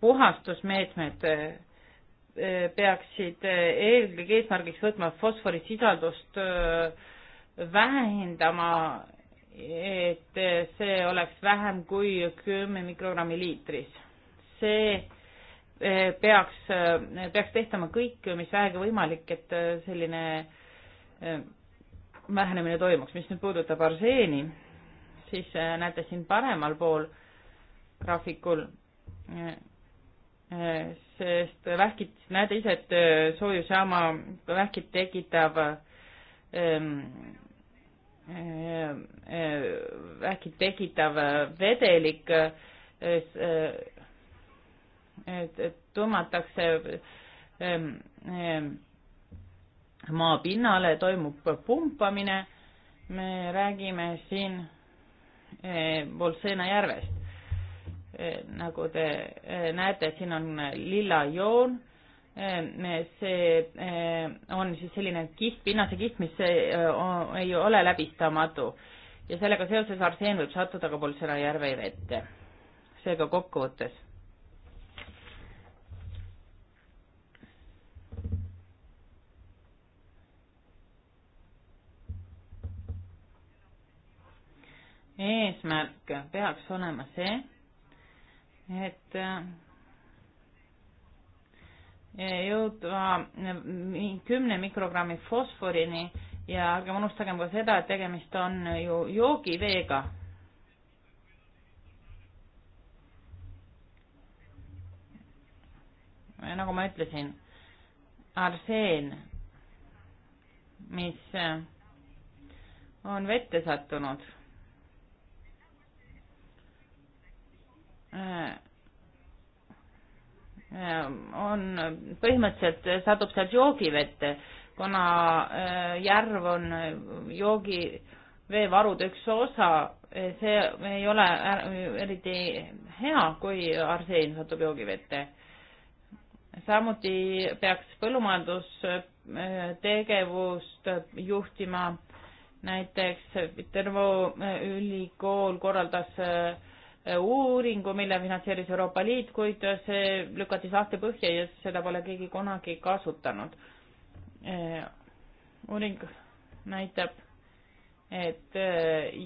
puhastusmeetmed peaksid eelkõige eesmärgiks võtma fosforisisaldust vähendama et see oleks vähem kui kümme mikrogrammi liitris. see eh, peaks, eh, peaks tehtama kõik, mis vähegi võimalik, et eh, selline vähenemine toimuks. mis nüüd puudutab arseeni, siis näete siin paremal pool graafikul, sest vähkid, näete ise, et soojusjaama vähkid tekitav ähm, Äh, äh, äkki tekitav äh, vedelik tõmmatakse ähm, ähm, maapinnale, toimub pumpamine. me räägime siin Bolsena järvest. nagu te näete, siin on lilla joon Ehm, eh, see eh, on siis selline kiht, pinnasekiht, mis eh, ei ole läbistamatu ja sellega seoses arseen võib sattuda ka Polsena järve vette. seega kokkuvõttes. eesmärk peaks olema see, et jõudma kümne mikrogrammi fosforini ja ärgem unustagem ka seda, et tegemist on ju joogiveega. nagu ma ütlesin, arseen, mis äh, on vette sattunud äh, Ehm, on, põhimõtteliselt satub sealt joogivette, kuna eh, järv on eh, joogiveevarude üks osa, eh, see ei ole eriti hea, kui arseen satub joogivette. samuti peaks põllumajandustegevust juhtima näiteks Viterbo ülikool korraldas äh, Äh, uuringu, mille finantseeris Euroopa Liit, kuid see lükati saate põhja ja seda pole keegi kunagi kasutanud. Äh, uuring näitab, et äh,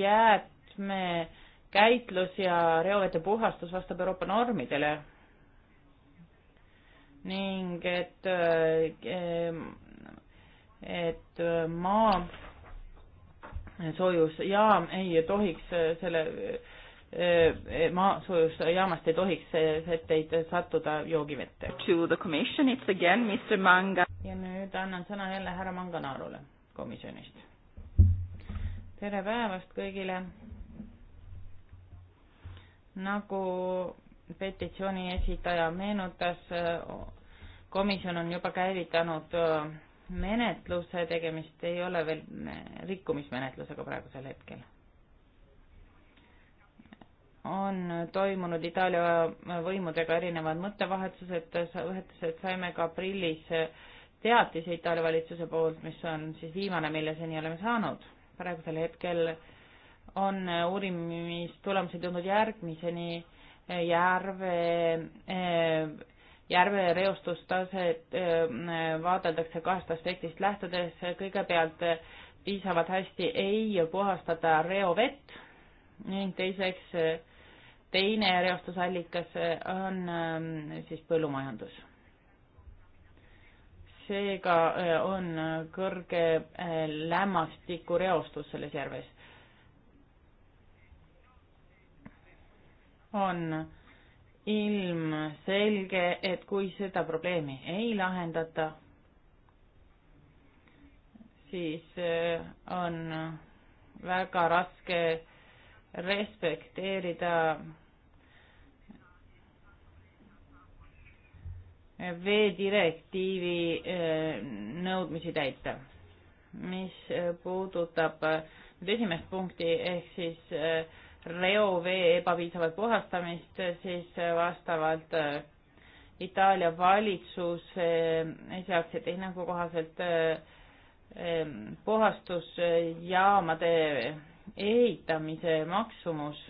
jäätmekäitlus ja reovete puhastus vastab Euroopa normidele ning et, et maa soojusjaam ei tohiks äh, selle äh, maasoojusjaamast ei tohiks äh, setteid sattuda joogivette. ja nüüd annan sõna jälle härra Manganarule komisjonist. tere päevast kõigile. nagu petitsiooni esitaja meenutas, komisjon on juba käivitanud öö, menetluse tegemist ei ole veel rikkumismenetlusega praegusel hetkel. on toimunud Itaalia võimudega erinevad mõttevahetused, vahetused saime ka aprillis teatise Itaalia valitsuse poolt, mis on siis viimane, mille seni oleme saanud. praegusel hetkel on uurimistulemused jõudnud järgmiseni järve eh, järve reostustaset äh, äh, vaadeldakse kahest aspektist lähtudes, kõigepealt äh, piisavalt hästi ei puhastada reovett ning teiseks, teine reostusallikas on ähm, siis põllumajandus. seega on kõrge lämmastikureostus selles järves. on ilmselge, et kui seda probleemi ei lahendata, siis äh, on väga raske respekteerida veedirektiivi äh, nõudmisi täita. mis puudutab äh, nüüd esimest punkti ehk siis äh, reovee ebapiisavat puhastamist, siis äh, vastavalt äh, Itaalia valitsuse äh, esialgsete hinnangu kohaselt ähm, puhastusjaamade ehitamise maksumus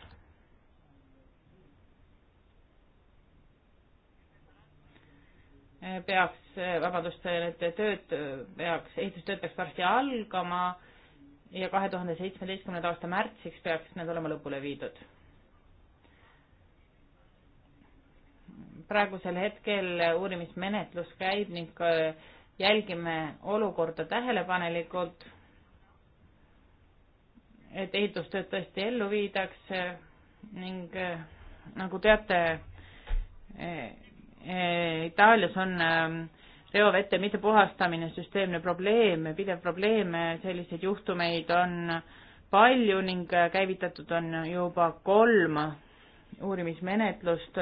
peaks, vabandust, need tööd peaks, ehitustööd peaks varsti algama ja kahe tuhande seitsmeteistkümnenda aasta märtsiks peaks need olema lõpule viidud. praegusel hetkel uurimismenetlus käib ning äh, jälgime olukorda tähelepanelikult, et ehitustööd tõesti ellu viidakse äh, ning äh, nagu teate, Itaalias on äh, reovete mittepuhastamine süsteemne probleem, pidev probleem, selliseid juhtumeid on palju ning käivitatud on juba kolm uurimismenetlust,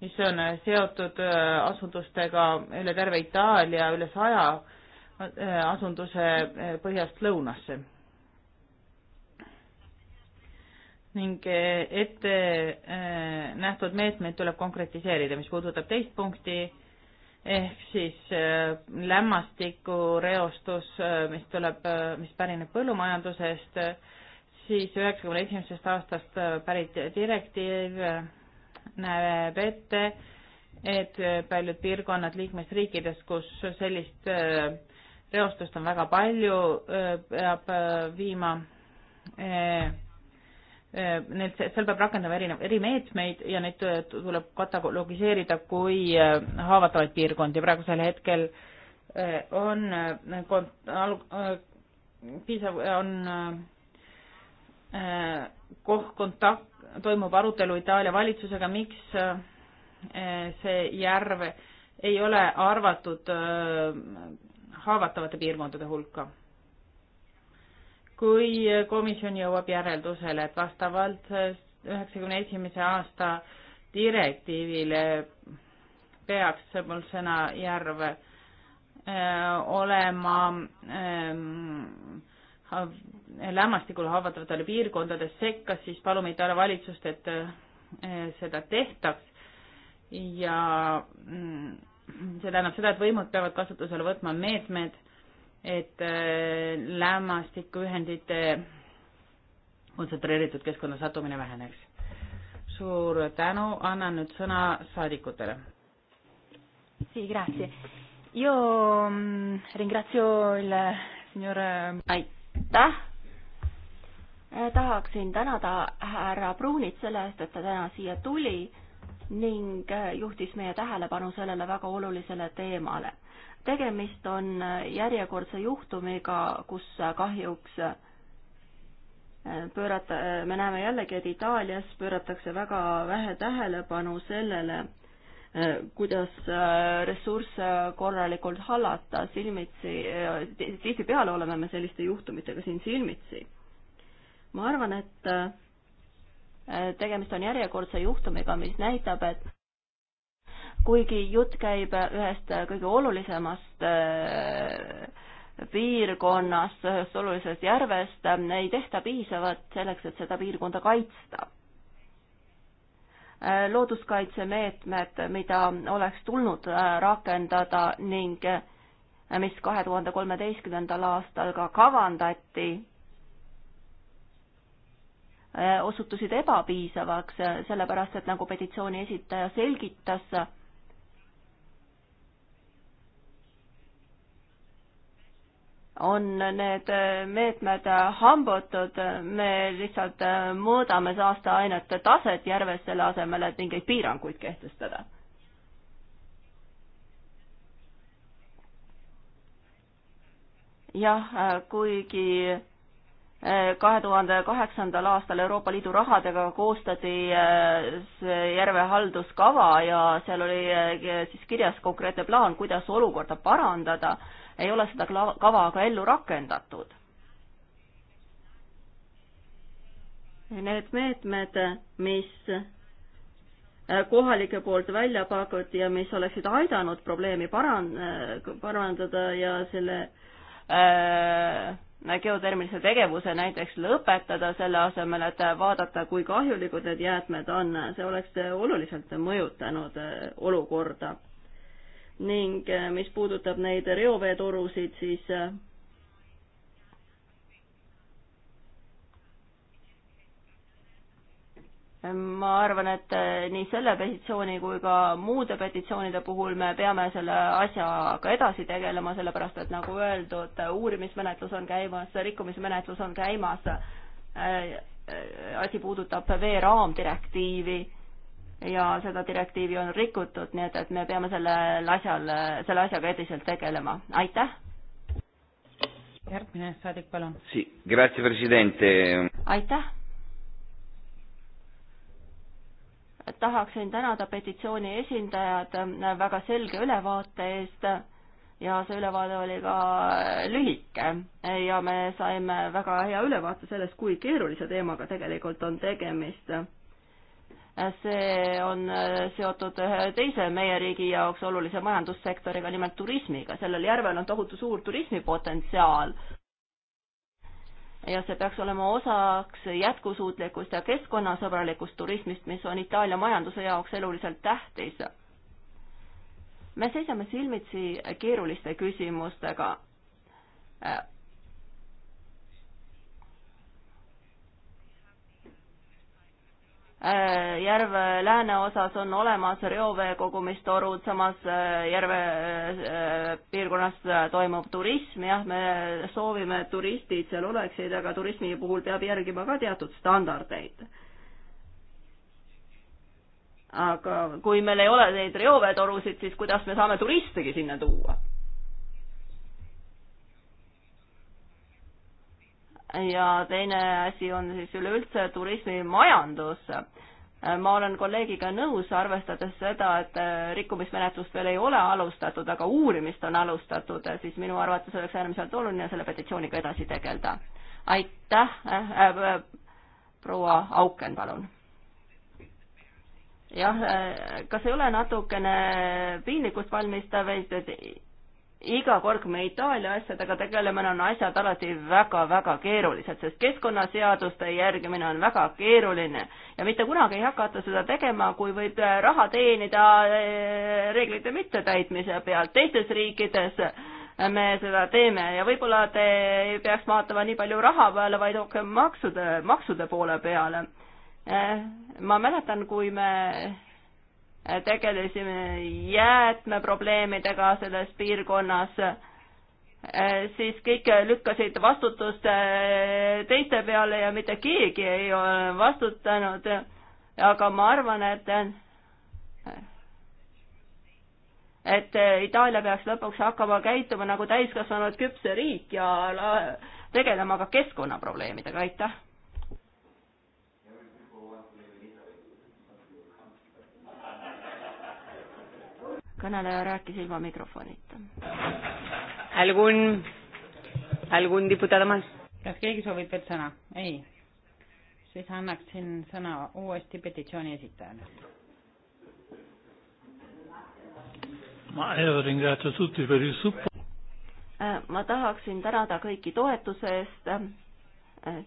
mis on seotud asundustega üle terve Itaalia, üle saja asunduse põhjast lõunasse. ning ette äh, nähtud meetmeid tuleb konkretiseerida, mis puudutab teist punkti ehk siis äh, lämmastikureostus, äh, mis tuleb, äh, mis pärineb põllumajandusest, siis üheksakümne esimesest aastast pärit direktiiv näeb ette, et paljud piirkonnad liikmesriikides, kus sellist reostust on väga palju, peab viima Äh, neil, seal peab rakendama erinev, erimeetmeid ja neid äh, tuleb katalogiseerida kui äh, haavatavaid piirkondi. praegusel hetkel on kont-, piisav, on koht, kontakt, toimub arutelu Itaalia valitsusega, miks see järv ei ole arvatud haavatavate piirkondade hulka kui komisjon jõuab järeldusele, et vastavalt üheksakümne esimese aasta direktiivile peaks Põltsõna järv öö, äh, olema ähm, lämmastikul haavatavatele piirkondade sekka, siis palume Itaalia valitsust, et öö, äh, seda tehtaks ja öö, mm, see tähendab seda, et võimud peavad kasutusele võtma meetmed, et äh, lämmastikuühendite kontsentreeritud keskkonda sattumine väheneks. suur tänu, annan nüüd sõna saadikutele. Mm, mm, aitäh, eh, tahaksin tänada härra Pruunit selle eest, et ta täna siia tuli ning eh, juhtis meie tähelepanu sellele väga olulisele teemale tegemist on äh, järjekordse juhtumiga, kus äh, kahjuks äh, pöörata, me näeme jällegi, et Itaalias pööratakse väga vähe tähelepanu sellele, kuidas ressursse korralikult hallata, silmitsi, tihtipeale oleme me selliste juhtumitega siin silmitsi. ma arvan, et tegemist on järjekordse juhtumiga, mis näitab, et kuigi jutt käib äh, ühest äh, kõige olulisemast äh, piirkonnast, ühest olulisest järvest, ei tehta piisavat selleks, et seda piirkonda kaitsta. looduskaitsemeetmed, mida oleks tulnud rakendada ning mis kahe tuhande kolmeteistkümnendal aastal ka kavandati, osutusid ebapiisavaks, sellepärast et nagu petitsiooni esitaja selgitas, on need meetmed hambutud, me lihtsalt mõõdame saasteainete taset järves selle asemel, et mingeid piiranguid kehtestada jah, kuigi eh, kahe tuhande kaheksandal aastal Euroopa Liidu rahadega koostati eh, see järve halduskava ja seal oli eh, siis kirjas konkreetne plaan, kuidas olukorda parandada ei ole seda kava ka ellu rakendatud. Need meetmed, mis äh, kohalike poolt välja pakuti ja mis oleksid aidanud probleemi paran-, äh, parandada ja selle äh, geotermilise tegevuse näiteks lõpetada, selle asemel, et vaadata, kui kahjulikud need jäätmed on, see oleks oluliselt mõjutanud äh, olukorda ning äh, mis puudutab neid reoveetorusid, siis äh, ma arvan, et äh, nii selle petitsiooni kui ka muude petitsioonide puhul me peame selle asjaga edasi tegelema, sellepärast et nagu öeldud, uurimismenetlus on käimas, rikkumismenetlus on käimas. asi puudutab veeraamdirektiivi ja seda direktiivi on rikutud, nii et, et me peame sellel asjal, selle asjaga ediselt tegelema, aitäh. järgmine saadik, palun. aitäh. tahaksin tänada petitsiooni esindajad väga selge ülevaate eest ja see ülevaade oli ka lühike ja me saime väga hea ülevaate sellest, kui keerulise teemaga tegelikult on tegemist see on äh, seotud ühe teise meie riigi jaoks olulise majandussektoriga, nimelt turismiga. sellel järvel on tohutu suur turismipotentsiaal. ja see peaks olema osaks jätkusuutlikust ja keskkonnasõbralikust turismist, mis on Itaalia majanduse jaoks eluliselt tähtis. me seisame silmitsi keeruliste küsimustega äh, Äh, järve lääneosas on olemas reoveekogumistorud, samas äh, järve äh, piirkonnas toimub turism, jah, me soovime, et turistid seal oleksid, aga turismi puhul peab järgima ka teatud standardeid. aga kui meil ei ole neid reoveetorusid, siis kuidas me saame turistegi sinna tuua? ja teine asi on siis üleüldse turismimajandus. ma olen kolleegiga nõus, arvestades seda, et rikkumismenetlust veel ei ole alustatud, aga uurimist on alustatud, siis minu arvates oleks äärmiselt oluline selle petitsiooniga edasi tegeleda. aitäh äh,, äh, proua Auken, palun jah, äh, kas ei ole natukene piinlikkust valmistav, et iga kord, kui me Itaalia asjadega tegeleme, on asjad alati väga-väga keerulised, sest keskkonnaseaduste järgimine on väga keeruline ja mitte kunagi ei hakata seda tegema, kui võib raha teenida eh, reeglite mittetäitmise pealt teistes riikides me seda teeme ja võib-olla te ei peaks vaatama nii palju raha peale, vaid rohkem maksude, maksude poole peale. Eh, ma mäletan, kui me tegelesime jäätmeprobleemidega selles piirkonnas, eh, siis kõik lükkasid vastutust eh, teiste peale ja mitte keegi ei ole vastutanud. aga ma arvan, et et Itaalia peaks lõpuks hakkama käituma nagu täiskasvanud küpse riik ja tegelema ka keskkonnaprobleemidega, aitäh kõneleja rääkis ilma mikrofonita. Algun, algun diputado mas? kas keegi soovib veel sõna? ei? siis annaksin sõna uuesti petitsiooni esitajale. ma äh, tahaksin tänada kõiki toetuse eest. Äh,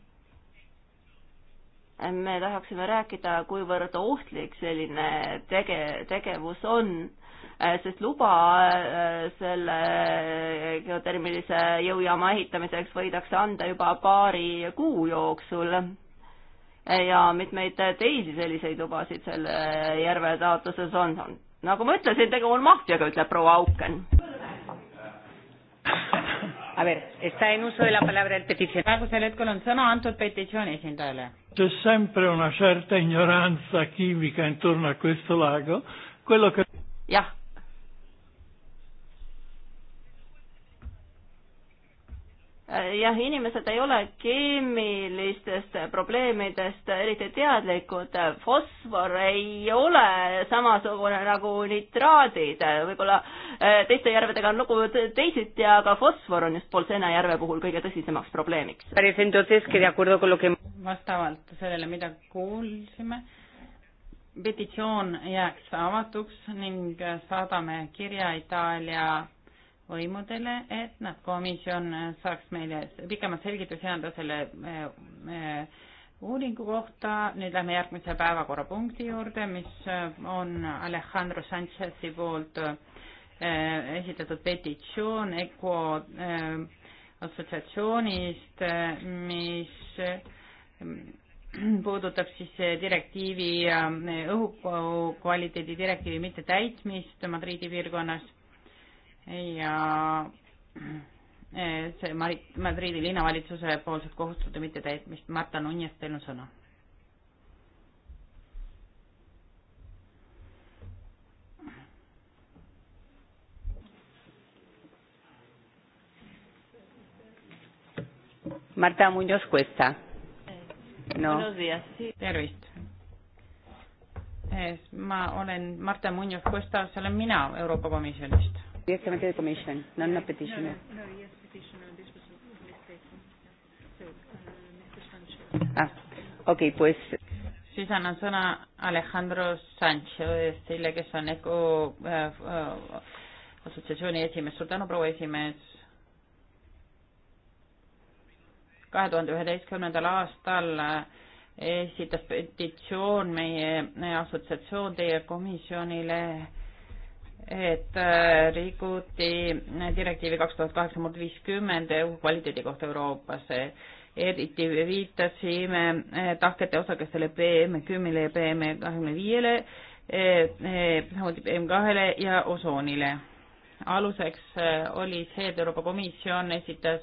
me tahaksime rääkida, kuivõrd ohtlik selline tege-, tegevus on Eh, sest luba eh, selle geotermilise jõujaama ehitamiseks võidakse anda juba paari kuu jooksul eh, ja mitmeid teisi selliseid lubasid selle järve taotluses on, on. nagu ma ütlesin, tegu on maffiaga, ütleb proua Auken. A ver, está en uso de la palabra el peticionario. praegusel hetkel on sõna antud petitsiooni esindajale. C'è sempre una certa ignoranza chimica intorno a questo lago, quello che jah, Äh, jah, inimesed ei ole keemilistest probleemidest eriti teadlikud. fosfor ei ole samasugune nagu nitraadid, võib-olla äh, teiste järvedega on lugu teisiti, aga fosfor on just Polsena järve puhul kõige tõsisemaks probleemiks. vastavalt sellele, mida kuulsime, petitsioon jääks avatuks ning saadame kirja Itaalia võimudele, et nad, noh, komisjon saaks meile pikemalt selgitusi anda selle eh, eh, uuringu kohta. nüüd lähme järgmise päevakorrapunkti juurde, mis on Alejandro Sanchez'i poolt eh, esitatud petitsioon EKO assotsiatsioonist, mis puudutab siis direktiivi, õhukvaliteedi direktiivi mittetäitmist Madridi piirkonnas ja eh, see Madridi linnavalitsuse poolsed kohustuse mittetäitmist. Marta Nunjas, teil on sõna. Marta Muñoz Cuesta. no. tervist. Eh, ma olen Marta Muñoz Cuesta, see olen mina Euroopa Komisjonist Directamente the commission, not a petitioner. No, no, no yes, petitioner. This was a mistake. So, uh, Mr. Sancho. Ah, okei okay,, pues. siis annan sõna Alejandro Sanchezile, kes on ECO äh, äh, assotsiatsiooni esimees. suur tänu, proua esimees. kahe tuhande üheteistkümnendal aastal esitas petitsioon meie assotsiatsioon teie komisjonile et äh, rikuti direktiivi kaks tuhat kaheksa murd viiskümmend kvaliteedi kohta Euroopas. eriti viitasime äh, tahkete osakestele PM kümnele ja PM kahekümne viiele, äh, samuti PM kahele ja osoonile. aluseks oli see, et Euroopa Komisjon esitas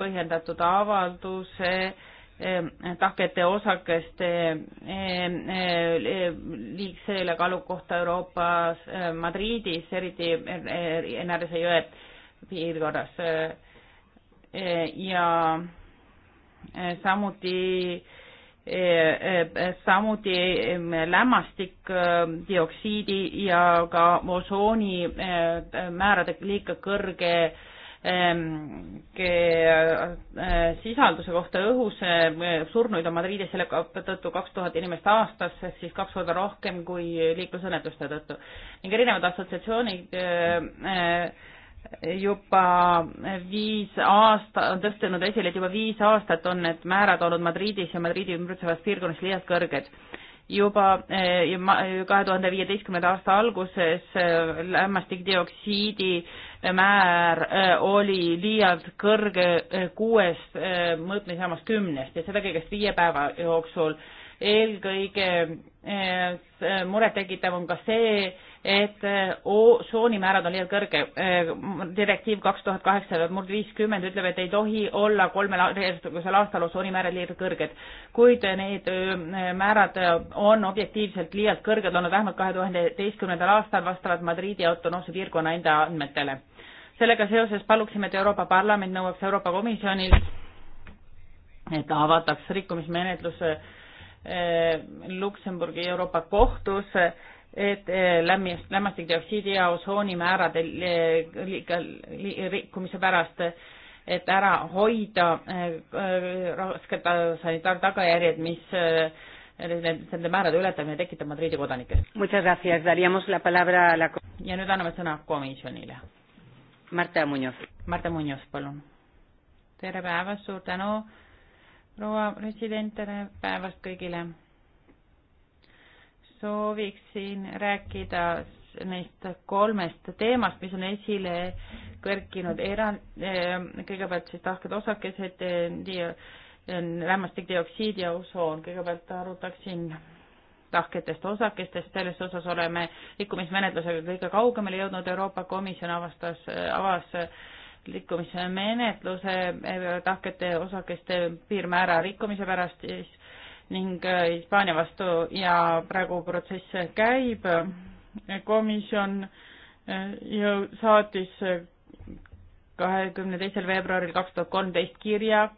põhjendatud avalduse tahkete osakeste eh, eh, liigse ülekaalu kohta Euroopas, eh, Madridis, eriti Enarese jõe piirkonnas. ja samuti samuti lämmastikdioksiidi ja ka osooni määrade liiga kõrge äh, Ehm, äh, sisalduse kohta õhus äh, surnuid on Madridis selle tõttu kaks tuhat inimest aastas ehk siis kaks korda rohkem kui liiklusõnnetuste tõttu ning erinevad assotsiatsioonid äh, juba viis aasta, on tõstnud esile, et juba viis aastat on need määrad olnud Madridis ja Madridi ümbritsevas piirkonnas liialt kõrged juba eh, eh, kahe tuhande viieteistkümnenda aasta alguses eh, lämmastikdioksiidi määr oli liialt kõrge kuuest mõõtmisaamast kümnest ja seda kõigest viie päeva jooksul. eelkõige murettekitav on ka see, et äh, soonimäärad on liialt kõrge. Äh, direktiiv kaks tuhat kaheksa murd viiskümmend ütleb, et ei tohi olla kolmel järjestikusel aastal soonimäärad liialt kõrged, kuid äh, need määrad on objektiivselt liialt kõrged olnud vähemalt kahe tuhande teistkümnendal aastal vastavalt Madridi autonoomse piirkonna enda andmetele. sellega seoses paluksime, et Euroopa Parlament nõuaks Euroopa Komisjonilt, et avataks rikkumismenetlus Luksemburgi Euroopa kohtus et eh, lämmis, lämmastikdioksiidi ja osooni määrade eh, liiga rikkumise pärast, et ära hoida eh, rasked sanitaartagajärjed, mis nende määrade ületamine tekitab Madridi kodanikes. ja nüüd anname sõna komisjonile. Marta Munoz. Marta Munoz, palun. tere päevast, suur tänu, proua president, tere päevast kõigile sooviksin rääkida neist kolmest teemast, mis on esile kõrkinud erand, eh, kõigepealt siis tahked osakesed, eh, eh, lämmastikdioksiid ja osoon, kõigepealt arutaksin tahketest osakestest, selles osas oleme liikumismenetlusega kõige kaugemale jõudnud, Euroopa Komisjon avastas, avas liikumismenetluse tahkete osakeste piirmäära rikkumise pärast, siis ning äh, Hispaania vastu ja praegu protsess käib. komisjon äh, ju saatis äh, kahekümne teisel veebruaril kaks tuhat kolmteist kirja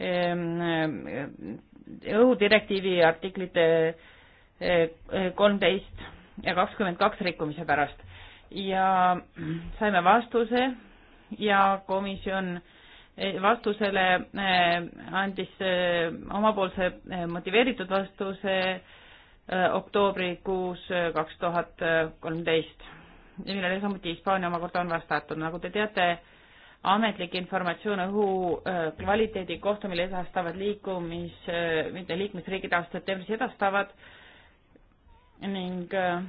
ähm, õhudirektiivi artiklite kolmteist ja kakskümmend kaks rikkumise pärast ja saime vastuse ja komisjon äh, vastusele eh, andis eh, omapoolse eh, motiveeritud vastuse oktoobrikuus kaks tuhat kolmteist, millele samuti Hispaania omakorda on vastatud. nagu te teate, ametlik informatsioon õhu kvaliteedi kohta, mille edastavad liikumis, mitte liikmesriigid aasta septembris edastavad ning äh,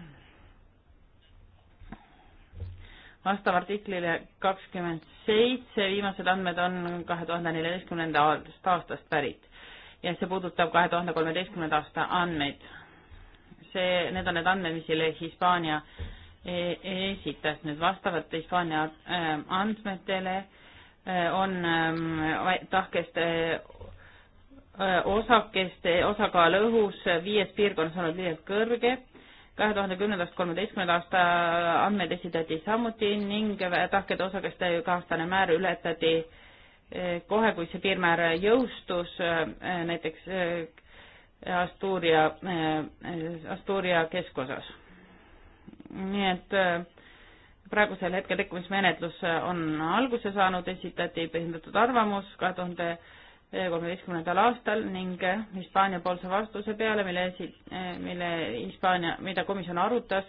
vastav artiklile kakskümmend seitse, viimased andmed on kahe tuhande neljateistkümnenda aastast pärit ja see puudutab kahe tuhande kolmeteistkümnenda aasta andmeid. see, need on need andmed, mis selle Hispaania e-, esitas nüüd vastavalt Hispaania ähm, andmetele äh, on ähm, tahkeste äh, osakeste osakaal õhus viies piirkonnas olnud liialt kõrge kahe tuhande kümnendast kolmeteistkümnenda aasta andmeid esitati samuti ning tahkede osakeste kaastane määr ületati e, kohe, kui see piirmäär jõustus, e, näiteks e, Asturia, Asturia keskosas. nii et praegusel hetkel rikkumismenetlus on alguse saanud, esitati põhjendatud arvamus kahe tuhande 2000 kolmeteistkümnendal aastal ning Hispaania poolse vastuse peale, mille esi-, mille Hispaania, mida komisjon arutas,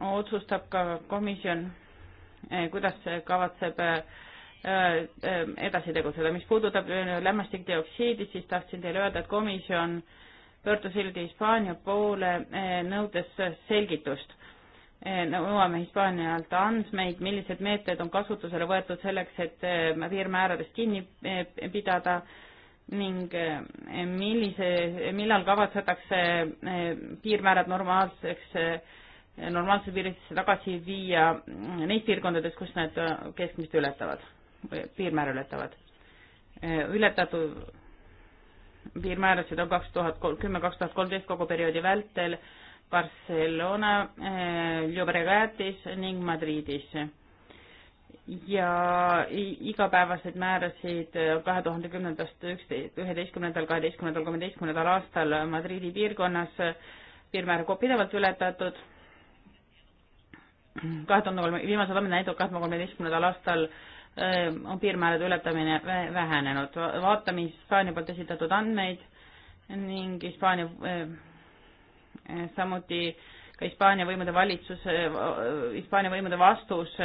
otsustab ka komisjon, kuidas kavatseb äh, edasi tegutseda. mis puudutab äh, lämmastikdioksiidi, siis tahtsin teile öelda, et komisjon pöördus hiljuti Hispaania poole, äh, nõudes selgitust Eh, nõuame Hispaanialt andmeid, millised meetmed on kasutusele võetud selleks, et eh, piirmääradest kinni eh, pidada ning millise, millal kavatsetakse piirmäärad normaalseks, normaalse piiridesse tagasi viia mm, neis piirkondades, kus need keskmist ületavad, piirmäära ületavad. ületatud piirmäärasid on kaks tuhat kolm, kümme, kaks tuhat kolmteist kogu perioodi vältel Barcelona, eh, Llobregatis ning Madridis. ja igapäevaseid määrasid eh, kahe tuhande kümnendast üksteist, üheteistkümnendal, kaheteistkümnendal, kolmeteistkümnendal aastal Madridi piirkonnas piirmäär pidevalt ületatud. kahe tuhande kolme, viimased andmed näitavad kahe tuhande kolmeteistkümnendal aastal eh, on piirmäärade ületamine vähenenud. vaatame Hispaania poolt esitatud andmeid ning Hispaania Eh, samuti ka Hispaania võimude valitsus, eh, eh, Hispaania võimude vastus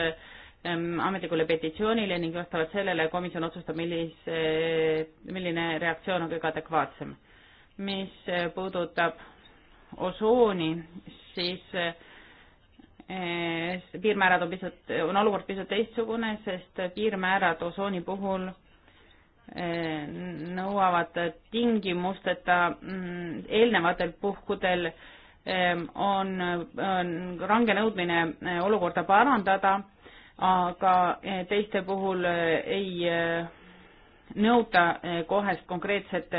ametlikule petitsioonile ning vastavalt sellele komisjon otsustab, millise, milline reaktsioon on kõige adekvaatsem. mis puudutab osooni, siis piirmäärad on pisut, on olukord pisut teistsugune, sest piirmäärad osooni puhul Eh, nõuavad tingimusteta mm, eelnevatel puhkudel eh, on, on range nõudmine eh, olukorda parandada, aga teiste puhul ei nõuta kohest konkreetset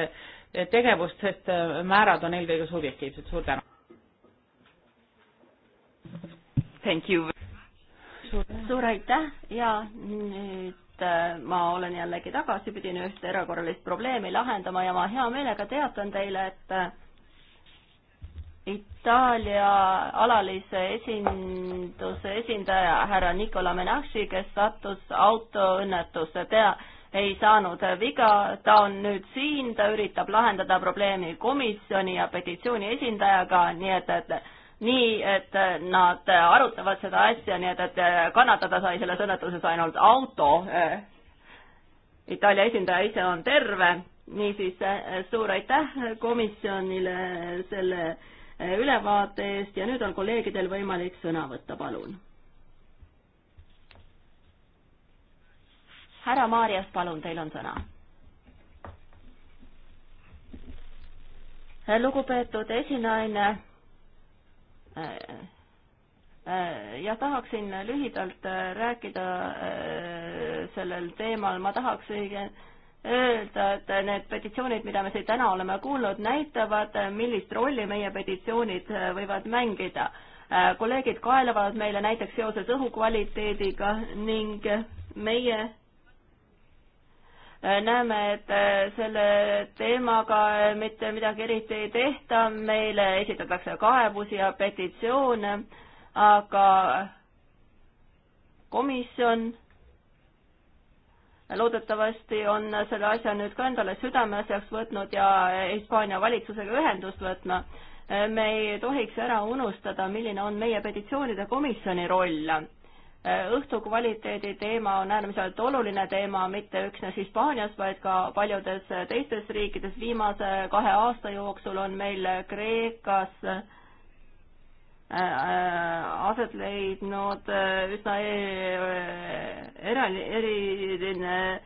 tegevust, sest määrad on eelkõige subjektiivsed. suur tänu. suur, suur aitäh ja nüüd et äh, ma olen jällegi tagasi, pidin ühte erakorralist probleemi lahendama ja ma hea meelega teatan teile, et äh, Itaalia alalise esinduse esindaja härra Nicola Menasci, kes sattus autoõnnetusse, tea, ei saanud viga, ta on nüüd siin, ta üritab lahendada probleemi komisjoni ja petitsiooni esindajaga, nii et, et nii et äh, nad äh, arutavad seda asja, nii et, et äh, kannatada sai selles õnnetuses ainult auto. Itaalia esindaja ise on terve, niisiis suur aitäh komisjonile selle ülevaate eest ja nüüd on kolleegidel võimalik sõna võtta, palun. härra Maarjas, palun, teil on sõna. lugupeetud esinaine Äh, äh, ja tahaksin lühidalt äh, rääkida sellel teemal, ma tahaksin öelda, et need petitsioonid, mida me siin täna oleme kuulnud, näitavad, millist rolli meie petitsioonid võivad mängida. kolleegid kaelevad meile näiteks seoses õhukvaliteediga ning meie näeme, et äh, selle teemaga äh, mitte midagi eriti ei tehta, meile esitatakse kaebusi ja petitsioone, aga komisjon loodetavasti on selle asja nüüd ka endale südameasjaks võtnud ja Hispaania valitsusega ühendust võtma. Äh, me ei tohiks ära unustada, milline on meie petitsioonide komisjoni roll Äh, õhtukvaliteedi teema on äärmiselt oluline teema mitte üksnes Hispaanias, vaid ka paljudes teistes riikides. viimase kahe aasta jooksul on meil Kreekas äh, äh, aset leidnud üsna eriline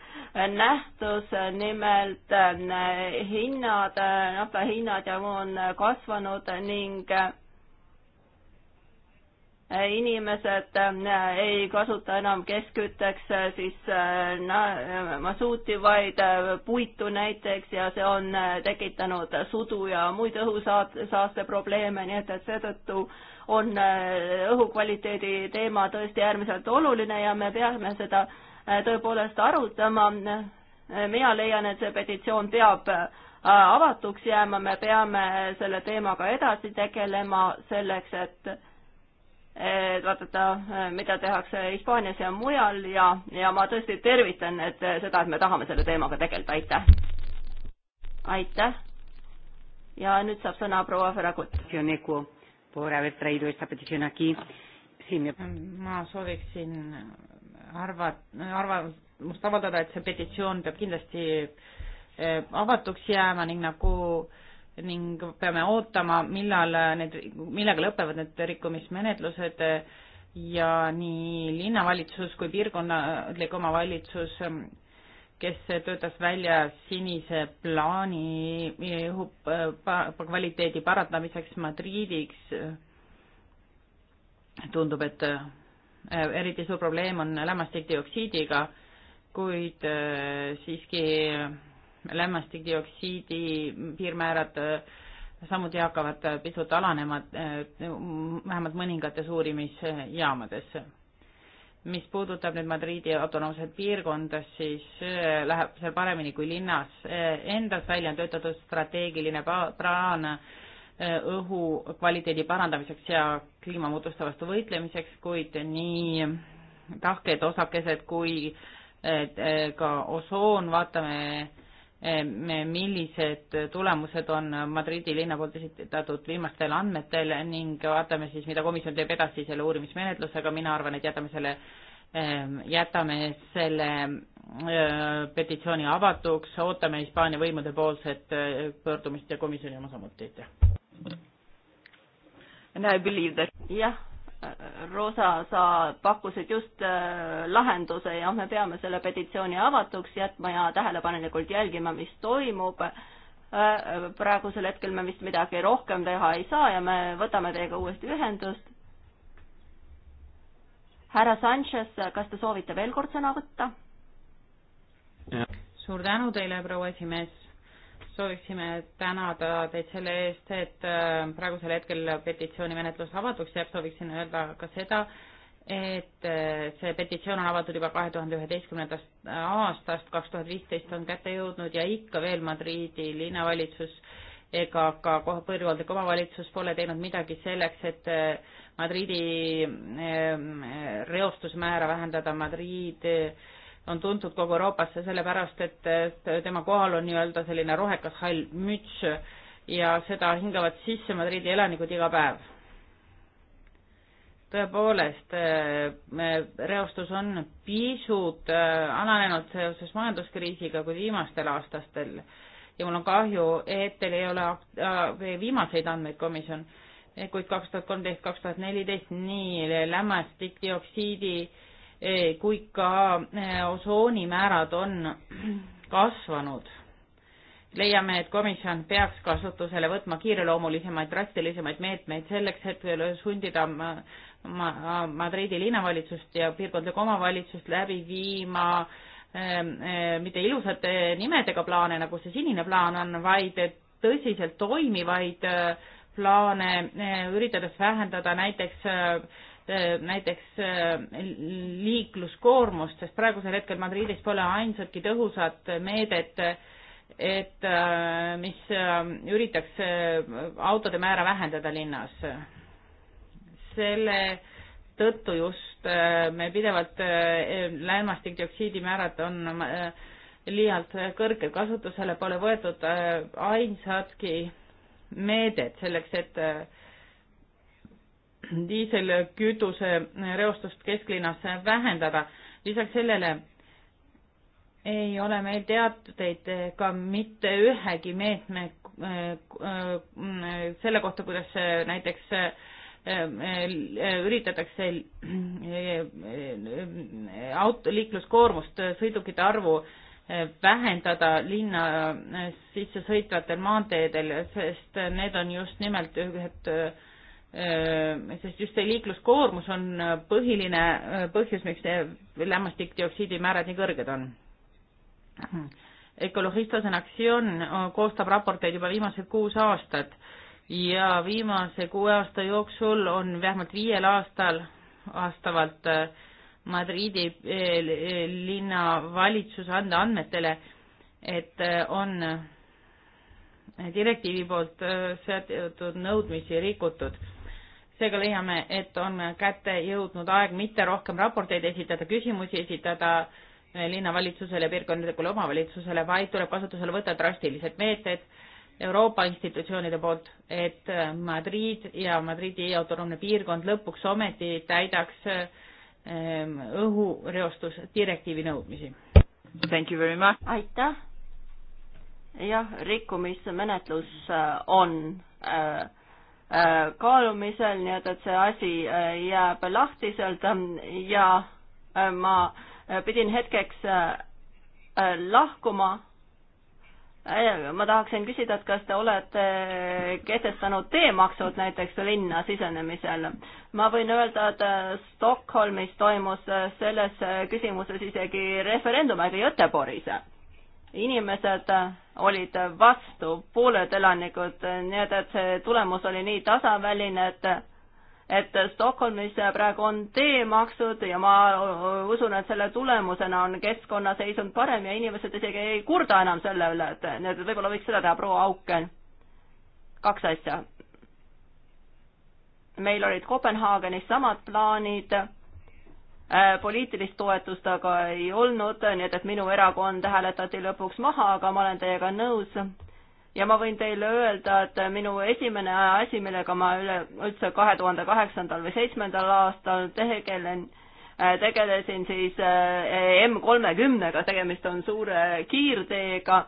nähtus, nimelt hinnad, nafta hinnad ja muu on kasvanud ning inimesed äh, ei kasuta enam keskkütteks äh, siis äh, masuuti, vaid puitu näiteks ja see on tekitanud sudu ja muid õhusaaste probleeme, nii et, et seetõttu on õhukvaliteedi teema tõesti äärmiselt oluline ja me peame seda tõepoolest arutama. mina leian, et see petitsioon peab avatuks jääma, me peame selle teemaga edasi tegelema selleks, et et vaadata, äh, mida tehakse Hispaanias ja mujal ja, ja ma tõesti tervitan, et äh, seda, et me tahame selle teemaga tegeleda, aitäh. aitäh. ja nüüd saab sõna proua Ferragut. ma sooviksin arva, arvamust avaldada, et see petitsioon peab kindlasti äh, avatuks jääma ning nagu äh, ning peame ootama, millal need, millega lõpevad need rikkumismenetlused ja nii linnavalitsus kui piirkonnalik omavalitsus, kes töötas välja sinise plaani õhu kvaliteedi parandamiseks Madriidiks. tundub, et eh, eriti suur probleem on lämmastikdioksiidiga, kuid eh, siiski lämmastikdioksiidi piirmäärad äh, samuti hakkavad äh, pisut alanema äh, vähemalt mõningates uurimisjaamades. mis puudutab nüüd Madriidi autonoomset piirkonda, siis läheb seal paremini kui linnas. Endas välja on töötatud strateegiline plaan õhu kvaliteedi parandamiseks ja kliimamuutuste vastu võitlemiseks, kuid nii tahked osakesed kui ka osoon, vaatame millised tulemused on Madridi linna poolt esitatud viimastel andmetel ning vaatame siis, mida komisjon teeb edasi selle uurimismenetlusega, mina arvan, et jätame selle, jätame selle petitsiooni avatuks, ootame Hispaania võimude poolset pöördumist ja komisjoni oma samuti, aitäh. jah Rosa, sa pakkusid just äh, lahenduse, jah, me peame selle petitsiooni avatuks jätma ja tähelepanelikult jälgima, mis toimub. Äh, praegusel hetkel me vist midagi rohkem teha ei saa ja me võtame teiega uuesti ühendust. härra Sanchez, kas te soovite veel kord sõna võtta? suur tänu teile, proua esimees sooviksime tänada teid selle eest, et äh, praegusel hetkel petitsioonimenetlus avatuks jääb, sooviksin öelda ka seda, et äh, see petitsioon on avatud juba kahe tuhande üheteistkümnendast äh, aastast, kaks tuhat viisteist on kätte jõudnud ja ikka veel Madriidi linnavalitsus ega ka piirkondlik omavalitsus pole teinud midagi selleks, et Madriidi reostusmäära vähendada, Madriid on tuntud kogu Euroopasse sellepärast, et tema kohal on nii-öelda selline rohekas hall müts ja seda hingavad sisse Madridi elanikud iga päev. tõepoolest, reostus on pisut äh, alanenud seoses majanduskriisiga kui viimastel aastatel ja mul on kahju, et teil ei ole äh, viimaseid andmeid, komisjon, kuid kaks tuhat kolmteist, kaks tuhat neliteist, nii lämmastikdioksiidi äh, kui ka äh, osoonimäärad on kasvanud. leiame, et komisjon peaks kasutusele võtma kiireloomulisemaid, drastilisemaid meetmeid selleks, et sundida Madridi linnavalitsust ja piirkondlikku omavalitsust läbi viima ähm, äh, mitte ilusate nimedega plaane, nagu see sinine plaan on, vaid tõsiselt toimivaid äh, plaane, üritades vähendada näiteks Äh, näiteks äh, liikluskoormust, sest praegusel hetkel Madridis pole ainsatki tõhusat meedet, et äh, mis üritaks autode määra vähendada linnas. selle tõttu just me pidevalt lämmastikdioksiidi määrad on liialt kõrgel, kasutusele pole võetud ainsatki meedet selleks, et diiselkütuse reostust kesklinnas vähendada. lisaks sellele ei ole meil teateid ka mitte ühegi meetme äh, selle kohta, kuidas näiteks äh, äh, üritatakse auto liikluskoormust, sõidukite arvu vähendada linna sisse sõitvatel maanteedel, sest need on just nimelt ühed Äh, sest just see liikluskoormus on äh, põhiline äh, põhjus, miks lämmastikdioksiidi määrad nii kõrged on. Ecologistas en Acción koostab raporteid juba viimased kuus aastat ja viimase kuue aasta jooksul on vähemalt viiel aastal vastavalt Madridi linnavalitsuse ande andmetele, et on direktiivi poolt seatud nõudmisi rikutud seega leiame, et on kätte jõudnud aeg mitte rohkem raporteid esitada, küsimusi esitada linnavalitsusele ja piirkondlikule omavalitsusele, vaid tuleb kasutusele võtta drastilised meetmed Euroopa institutsioonide poolt, et Madrid ja Madridi autonoomne piirkond lõpuks ometi täidaks ehm, õhureostusdirektiivi nõudmisi. aitäh! jah, rikkumismenetlus äh, on äh, Äh, kaalumisel, nii et, et see asi äh, jääb lahtiselt ähm, ja äh, ma pidin hetkeks lahkuma. ma tahaksin küsida, et kas te olete kehtestanud teemaksud näiteks linna sisenemisel? ma võin öelda, et Stockholmis toimus selles küsimuses isegi referendum, aga Göteborgis inimesed olid vastu, pooled elanikud, nii et, et see tulemus oli nii tasaväline, et et Stockholmis praegu on teemaksud ja ma usun, et selle tulemusena on keskkonnaseisund parem ja inimesed isegi ei kurda enam selle üle, et nii et võib-olla võiks seda teha, proua Auken. kaks asja. meil olid Kopenhaagenis samad plaanid Äh, poliitilist toetust aga ei olnud, nii et, et minu erakond hääletati lõpuks maha, aga ma olen teiega nõus. ja ma võin teile öelda, et minu esimene asi, millega ma üleüldse kahe tuhande kaheksandal või seitsmendal aastal tegelen, äh, tegelesin siis äh, M kolmekümnega, tegemist on suure kiirteega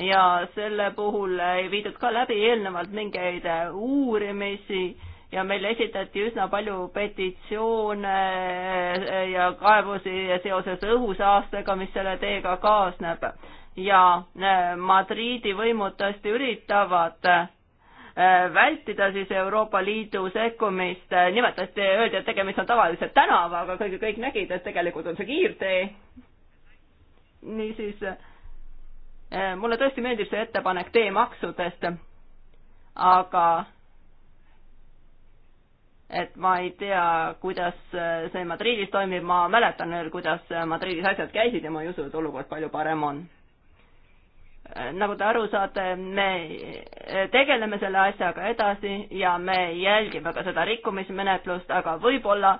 ja selle puhul ei viidud ka läbi eelnevalt mingeid äh, uurimisi ja meile esitati üsna palju petitsioone äh, ja kaebusi seoses õhusaastega, mis selle teega kaasneb. ja äh, Madriidi võimud tõesti üritavad vältida siis Euroopa Liidu sekkumist, nimetati, öeldi, et tegemist on tavalise tänavaga, kõik, kõik nägid, et tegelikult on see kiirtee. niisiis äh, Äh, mulle tõesti meeldib see ettepanek teemaksudest, aga et ma ei tea, kuidas äh, see Madridis toimib, ma mäletan veel, kuidas äh, Madridis asjad käisid ja ma ei usu, et olukord palju parem on. nagu te aru saate, me tegeleme selle asjaga edasi ja me jälgime ka seda rikkumismenetlust, aga võib-olla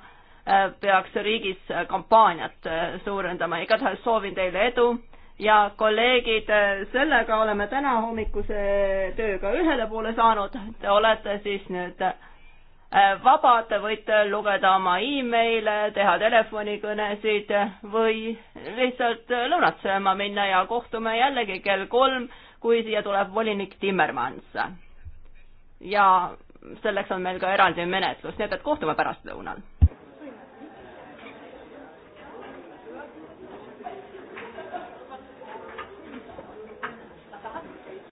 peaks riigis kampaaniat suurendama, igatahes soovin teile edu ja kolleegid, sellega oleme täna hommikuse tööga ühele poole saanud, te olete siis nüüd äh, vabad, võite lugeda oma emaile, teha telefonikõnesid või lihtsalt lõunat sööma minna ja kohtume jällegi kell kolm, kui siia tuleb volinik Timmermans. ja selleks on meil ka eraldi menetlus, nii et kohtume pärastlõunal